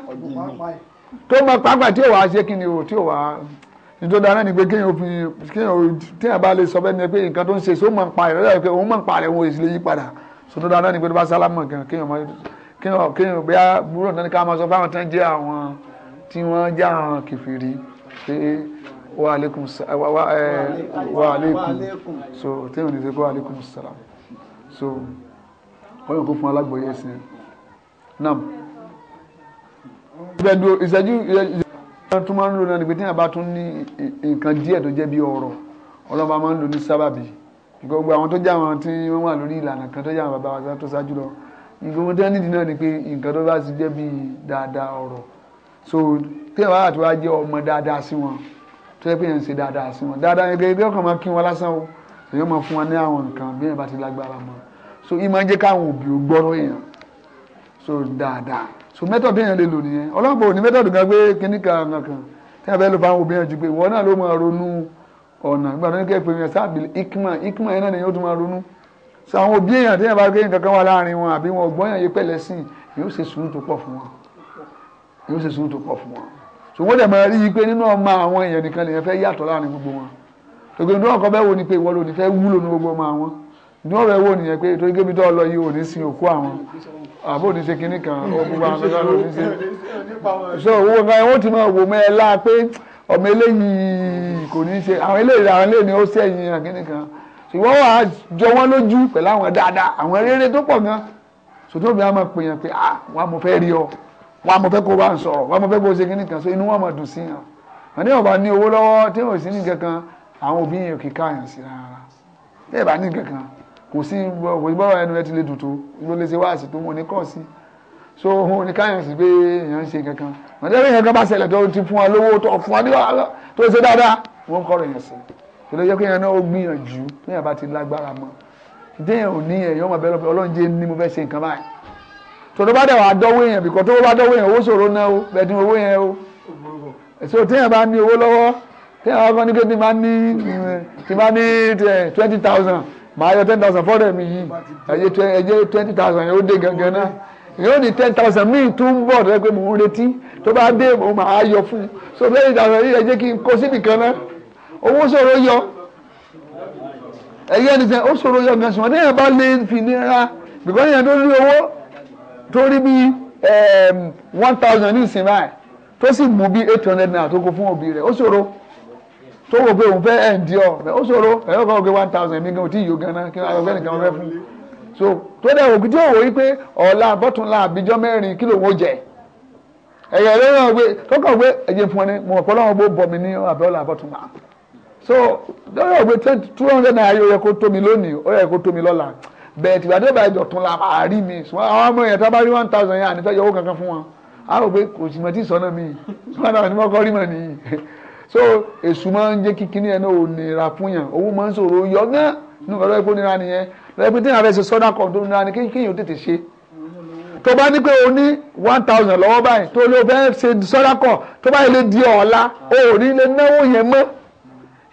tó mọ pàápàá tí ò wá ṣe kinní o tí ò wá nítorí náà ni pé kéèyàn fi kéèyàn téèyàn bá lè sọ bẹ́ẹ̀ ni pé nǹkan tó ń ṣe sóun mọ̀ ń pa rẹ̀ lọ́dọ̀ pé òun mọ̀ ń pa rẹ̀ òun èsì lè yí padà sódò náà ni pé tó bá sálámà gan kéèyàn mọ kéèyàn kéèyàn bí búrò náà ni ká máa sọ fáwọn tán jẹ́ àwọn tí wọ́n jẹ́ àwọn kìfìrí pé wa alaikum eh, so téèyàn ní ṣe kó wa alaikum salam so wọ́n yóò kó fún alágbòye ẹ̀sìn náà ìbẹ̀dù ìṣẹ́jú ìṣẹ́jú tó máa ń lò náà ni pé téèyàn bá tún ní nǹkan díẹ̀ tó jẹ́ bí ọ̀rọ̀ ọlọ́ba máa ń lò ní sábàbí gbogbo àwọn tó jẹ́ àwọn tí wọ́n wà lórí ìlànà kan tó jẹ́ àwọn bàbá wa tó ṣáájú lọ tó yẹ pé èèyàn ń ṣe dáadáa sí wọn dáadáa yẹn gẹ́gẹ́ ọkàn máa kí wọn lásán o èèyàn máa fún wọn ní àwọn nǹkan bí èèyàn bá ti lágbára mọ́ so ìmọ̀ ń jẹ́ káwọn òbí ò gbọ́rọ̀ èèyàn so dáadáa so method èèyàn lè lò nìyẹn ọlọ́pàá ò ní method kan pé kíní kan kan tí wọ́n fẹ́ lò fáwọn òbí yẹn ju pé ìwọ náà ló máa ronú ọ̀nà nígbà ní kẹ́ pé yẹn sábìlì ikma ikma yẹn náà ni yóò tún máa ronú so àwọn òbí èèyàn tí yẹn bá gbé nǹkan kan wà láàrin wọn àbí wọn ò gbọ́yàn yé pẹ̀lẹ́ sí yóò ṣe sùúrù tó pọ̀ fún ṣùgbọ́n dẹ̀ máa rí i pé nínú ọmọ àwọn èèyàn nìkan lèèyàn fẹ́ yàtọ̀ láàrin gbogbo wọn tòkè ní ọkọ̀ bẹ́ẹ̀ wo ni pé ìwọ ló ní fẹ́ wúlò ní gbogbo ọmọ àwọn ní ọ̀rọ̀ ẹ̀wọ̀ nìyẹn pé torí gébi tó lọ yìí ò ní sin òkú àwọn àbò ní ṣe kinní kan gbogbo àwọn ọ̀gá ló ní ṣe so owó nǹkan ẹ̀wọ̀n ti máa wò mọ́ ẹ láà pé ọmọ eléyìí kò ní ṣe àwọn eléyìí àwọn eléyìí ni ó sẹ́yìn àkíní kan ṣùgbọ́n wà jọ wọ́n lójú pẹ̀lú àwọn dáadáa àwọn rere wọn mo fẹ́ kó bá ń sọ̀rọ̀ wọn mo fẹ́ kó ṣe kíní kan so inú wọn mọ̀ dùn sí yàn wọn ní ọba ní owó lọ́wọ́ tí ò sí ní kankan àwọn òbí yẹn kìí káyàn sí rárá tí ẹ bá ní kankan kò sí bọ́rọ̀ ẹnu ẹ ti lè dùtò ló lè ṣe wá àsìkò wọn ní kọ́ sí so òun ní káyàn sí pé èèyàn ń ṣe kankan wọn ní ẹgbẹ́ yẹn kan bá ṣẹlẹ̀ tó ti fún wa lówó tó fún wa ní wàhálà tó ṣe dáadáa wọn kọ́ rẹ̀ yẹn sí tó lè jẹ́ pé yẹn náà tòró bá dẹ̀ wà dọ́wọ́ èèyàn bìkọ́ tó bá dọ́wọ́ èèyàn owó ṣòro náà o bẹ̀dín owó yẹn o èso téèyàn bá ní owó lọ́wọ́ téèyàn bá kọ́ ní kéde máa ní ti máa ní eh, twenty thousand màá yọ ten thousand fọ́ọ̀rẹ́ mi yìí ẹ̀yẹ twenty thousand yẹn ó dé gangan náà yóò ní ten thousand míì tún bọ̀ tó yẹ pé mò ń retí tó bá dé mo máa yọ fún un so twenty thousand yìí ẹ jẹ́ kí n kó síbi kan náà owó ṣòro yọ ẹ̀yẹ́ nìkan ó ṣòro yọ gan sùn ọ̀dẹ́yìn bá lè fi nira bìkọ́ yẹn tó ní owó torí bí one thousand ní ìsìn báyìí tó sì mú bí eight hundred naira tó kó fún òbí rẹ̀ ó ṣòro tó wò pé òun fẹ́ ẹ̀ ń di ọ̀ ó ṣòro ẹ̀rọ kan wò pé one thousand mi gan ò tí ì yó kí wọ́n fẹ́ nìkan fẹ́ fún so tó dẹ̀ òkú tí ò wò yí pé ọ̀la bọ́túnla àbíjọ́ mẹ́rin kí lòun ó jẹ ẹ̀yẹ̀ ló náà gbé kọ́kọ́ gbé ẹ̀jẹ̀ fún ẹni mo ọ̀pọ̀ lọ́wọ́ bó bọ̀ mí ní àbẹ́ọ́lá àbọ̀túnla so lọ́wọ́ gbé two hundred naira yóò yẹ kó tó mi lónìí ó yẹ kó tó mi lọ́la bẹ́ẹ̀ tìgbà tó bá ìdọ̀tún la máa rí mi ṣùgbọ́n àwọn ọmọ yẹn tá bá rí one thousand yẹn ànífẹ́ yọwọ́ kankan fún wọn a rò pé kò sì mọ̀ tí sọ́nà mi one thousand mọ́ kọ́ rí mọ̀ nìyí so èṣù máa ń jẹ́ kí kíní yẹn náà ò nira fún yàn owó máa ń ṣòro yọ gán nígbà tó yẹ kó nira nìyẹn lọ́yẹ́ pé tí yàrá ẹsẹ̀ sọ́dà kan tó nira ni kéèyàn tètè ṣe tó bá ní pé o ní one thousand lọ́wọ́ báyìí tó lè fẹ́ ṣe sọ́dà kan tó bá yẹ lè di ọ̀la o ò ní lè náwó yẹn mọ́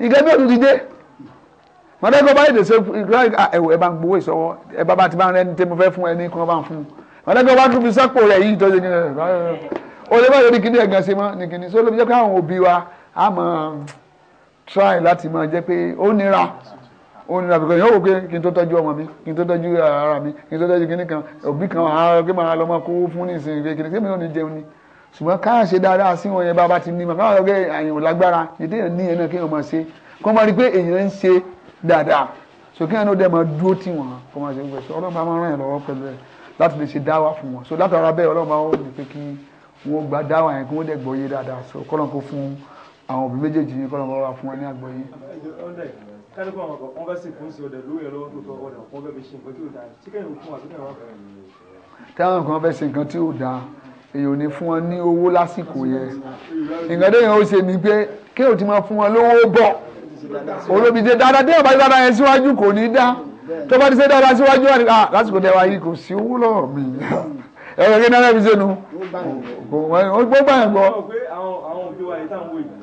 ìgbẹ́ bí òtún mọ̀tẹ́kọ̀ bá èdè ṣe ẹ̀wọ̀ ah, ẹ̀ bá ń gbowó ìṣọwọ́ ẹ̀ bá bá ti bá ń rẹ́ni tí mo fẹ́ fún ẹni kí wọ́n bá ń fún mọ̀tẹ́kọ̀ bá tún fi sẹ́pọ̀ rẹ̀ yìí tó ṣe kí o eh, eh, lè ní kíní ẹ̀gàn ṣe mọ́ ní kíní so ló jẹ́ pé àwọn òbí wa á mọ̀ try láti mọ̀ jẹ́ pé ó nira ó nira bìkan yóò wò pé kí n tó tọ́jú ọmọ mi kí n tó tọ́jú ara mi kí n tó tọ́jú kíní kan òbí kan àwọn kí máa lọ máa ni ṣùgbọ́n ká ṣe dáadáa sí dáadáa so kí ẹnu dẹ́ máa dúró tì wọ́n kó máa ṣe gbẹ so ọlọ́run bá máa ràn yín lọ́wọ́ pẹ̀lú ẹ̀ láti lè ṣe dáwà fún wọn so látara bẹ́ẹ̀ ọlọ́run bá wọ́n mi pé kí wọ́n gba dáwà yẹn kí wọ́n dẹ̀ gbọ́yé dáadáa so kọ́lọ́n kó fún àwọn òbí méjèèjì yín kọ́lọ́n bá wà fún wọn ní àgbọ́yé. táwọn kan fẹ́ ṣe nǹkan tí ò dáa èyàn ò ní fún wọn ní owó lásìkò yẹn nǹkan yẹn ó ṣe ni pé kéèyàn olóbi ṣe dáadáa tí ọba dáadáa yẹn síwájú kò ní dá tó bá ti ṣe dáadáa síwájú wà ní à ah, lásìkò tẹwàá yìí kò sí owó lọ́wọ́ mi ẹ̀rọ kí náírà mi ṣe nu ó gbọ́ gbà yẹn gbọ́. àwọn òbí wa yìí táwọn wò yìí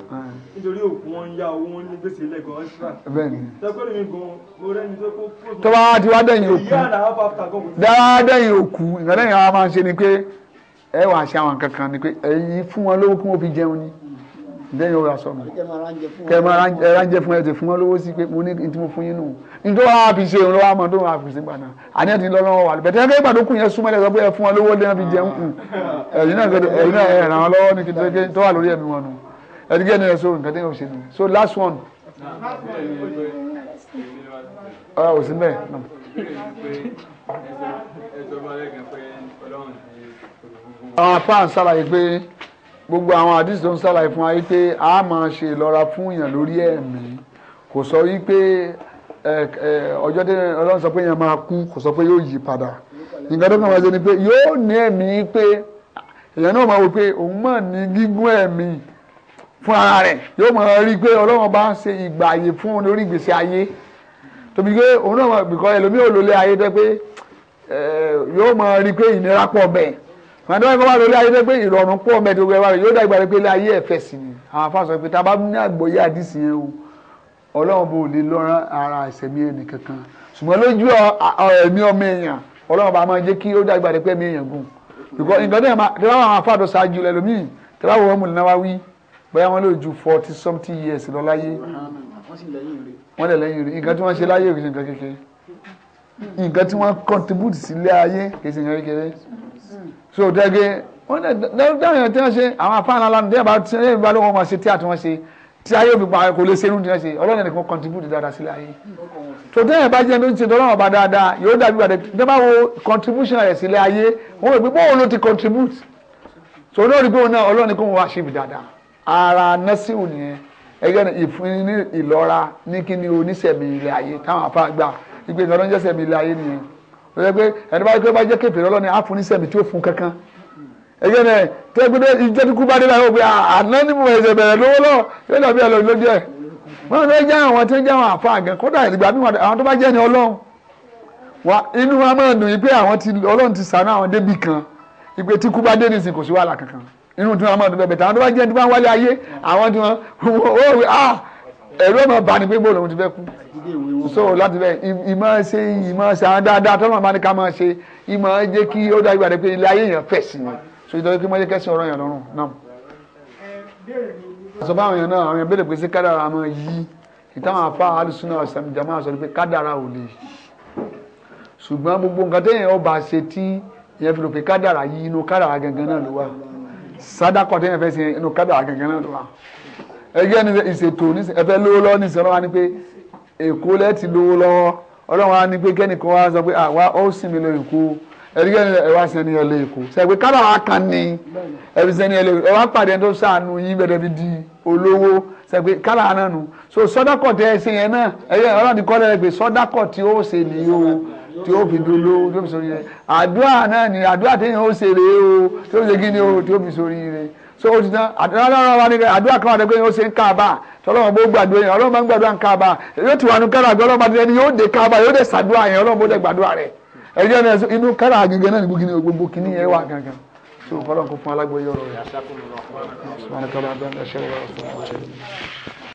nítorí òkú wọn ń yá owó wọn ní gbèsè ilẹ̀ gan ẹ́sìrà. bẹ́ẹ̀ni tẹ́gbẹ́rì mi gan mo rẹ́ni tó kó. tó bá ti wá dẹ̀yìn òkú dáadáa dẹ̀yìn òkú ìgbà dẹ̀yìn àwọn máa ń ṣe ni pé ẹ wàá ṣe àwọn kankan ni pé ẹ̀yin fún wọn lówó kí wọ́n fi jẹun ni dẹ́yìn ó ra sọ fún ẹ fún ọ sí pé mo ní tí mo fún yín nù ní tó wàá tó wàá fi ṣe gbàná wà lẹ́bẹ̀ẹ́ tẹ́lẹ̀ gbàdó yẹn súnmọ́ ẹ̀ sọ fún ọ lẹ́yìn fi jẹun kù ah. ẹ̀yin náà ràn án lọ́wọ́ ní kíkẹ́ tó wà lórí so last one. Ah, gbogbo àwọn àdìsí tó ń ṣàlàyé fún wa pé a máa ṣe ìlọ́ra fún èèyàn lórí ẹ̀mí kò sọ wípé ọjọ́ tí ọlọ́run sọ pé èèyàn máa kú kò sọ pé yóò yí padà nǹkan tó kàn wá ṣe ni pé yóò ní ẹ̀mí pé èèyàn náà máa wò pé òun máa ní gígùn ẹ̀mí fún ara rẹ̀ yóò máa rí i pé ọlọ́run bá ń ṣe ìgbà àyè fún un lórí ìgbésí ayé tóbi pé òun náà bìkọ́ ẹlòmíì ò lólé ayé tẹ́ pé yóò máa rí i pé ìnira pọ̀ bẹ́ẹ̀ màdé wọn kọ́ wá lórí ayé pé ìrọ̀rùn pọ̀ mẹ́tò gbẹ wá rẹ̀ yóò dàgbà rẹ̀ pé ilé ayé ẹ̀fẹ̀ sí ni àwọn afá sọ pé tá a bá ní àgbọ́yé àdìsí yẹn o ọlọ́run bò lè lọ́rán ara ìsẹ̀mí ẹnì kankan ṣùgbọ́n lójú ẹ̀mí ọmọ èèyàn ọlọ́run bá máa jẹ́ kí ó dàgbà rẹ̀ pé ẹ̀mí èèyàn gùn nǹkan tẹ́ tẹ́ bá àwọn afá tó ṣáájú rẹ̀ lómi forty something years lọ láyé wọ́n lè lẹ́yìn rẹ̀ nǹkan tí wọ́n ṣe láyé kì í ṣe nǹkan kékeré nǹkan wọ́n contribute so dẹ́gẹ́ wọ́n dẹ́ dáhùn tí wọ́n ṣe àwọn afáàlà lánàá tí yàrá tí yàrá ló wọ́n máa ṣe tí àti wọ́n ṣe tí ayé òbí pa kò lè ṣerú tí wọ́n ṣe ọlọ́run ẹnì kan contribute dáadáa sílẹ̀ ayé so dẹ́yìn bá jẹ́ ní ti tọ́lọ́run ọba dáadáa yóò dàbí wà dẹ́ bá wo contribution rẹ̀ sílẹ̀ ayé wọ́n rò pé bóun ló ti contribute so olórí pé òun náà ọlọ́run ẹnì kan wọ́n wá ṣe ibi dáadáa ara nọ́sìwò nìyẹn ẹgbẹ́ ìfúnni ìlọ́ra ní kí ni oníṣẹ̀mí ilẹ̀ ayé táwọn afá gbà ìgbésẹ̀ ọlọ́run jẹ́sẹ̀mí ilẹ̀ ayé nìyẹn lọ́jọ́ pé ẹni báyìí pé bá jẹ́ kèfèrí ọlọ́ni á fún nísẹ̀mí tí ó fún kankan ẹgbẹ́ náà tẹ́gbẹ́dẹ́ ìjẹ́tukú bá dé báyìí ó pe àná ní mo ẹ̀sẹ̀ bẹ̀rẹ̀ lówó lọ yóò dàbí ẹ̀ lójú ẹ̀ wọ́n fẹ́ jẹ́ àwọn tí ń jẹ́ àwọn àfa àgàn kódà ìgbà mí àwọn tó bá jẹ́ ni ọlọ́run wa inú wa máa dùn yìí pé àwọn ti ọlọ́run ti sànú àwọn débì kan ìpè tí kú bá dé nìsín kò sí wàhálà kankan inú tí wọ́n máa dùn bẹ̀bẹ̀ tí àwọn tí wọ́n wọ́n ẹ̀rọ ọmọ bá ní pé bóòlù ti fẹ́ kú so láti bẹ ìmọ̀ ṣe ìmọ̀ ṣe àwọn dáadáa tọ́lọ̀ bá ní ká máa ṣe ìmọ̀ jẹ́ kí ó dá ìgbà rẹ pé ilé ayé èèyàn fẹ̀ sí ni so ìtọ́jú kí wọ́n jẹ́ kẹ́sìn ọ̀rọ̀ èèyàn lọ́rùn náà. àṣọ báwọn èèyàn náà àwọn èèyàn bẹ̀rẹ̀ pé sí kádàrà máa yí ìtàwọn afá alùsùnà ọ̀sán jama sọ pé kádàrà ò lè ṣùgbọ́n gbogbo nǹkan téèyàn ọba ṣe tí ìyẹn fi rò pé kádàrà yí inú kádàrà gangan náà ló wà sádàkọ̀ téèyàn fẹ́ ṣe inú kádàrà gangan náà ló wà ẹgbẹ́ ní ìṣètò ní ẹfẹ́ lówó lọ́wọ́ ní ìṣẹ́wọ́n wa ni pé èkó lẹ́ẹ̀tì lówó lọ́wọ́ ọlọ́run wa ni pé kẹ́nìkan wa sọ pé àwa ó sì mí lọ èkó ẹ̀rígẹ́ ni ẹ̀wá sẹ́ni ẹ̀ lé èkó sẹ́gbẹ́ kára wa kan ní ẹ̀rí sẹ́ni ẹ̀ lé èkó ẹ̀wá pàdé tó sànù yín bẹ̀rẹ̀ fi di olówó sẹ́gbẹ́ kára náà nù so sọ́dákọ̀ tẹ ẹ ṣe yẹn náà ẹ̀yẹ ọlọ́run ti kọ́ lẹ́rẹ̀ pé sọ́dákọ̀ tí ó ṣe nìyí o tí ó fi dolówó tí ó fi sórí rẹ̀ àdúrà náà ni àdúrà téèyàn ó ṣe rèé o tí ó ṣe kí ni o tí ó fi sórí rẹ̀ so o ti tán àdúrà náà wà ní àdúrà kan àdúrà pé ó ṣe ń káàbà tọ́lọ́mọ bó gbàdúrà yẹn ọlọ́mọ ń gbàdúrà ń káàbà yóò ti wà nù kára àgbẹ̀ ọlọ́mọ àti yóò dé káàbà yóò dé sàdúrà yẹn ọlọ́mọ bó dé gbàdúrà rẹ̀ ẹ̀jẹ̀ náà inú kára àgẹ̀gẹ̀ náà ní gbogbo kìíní yẹn wà gangan so kọ́lọ́n kó fún alágbóyè ọ̀rọ̀ rẹ̀.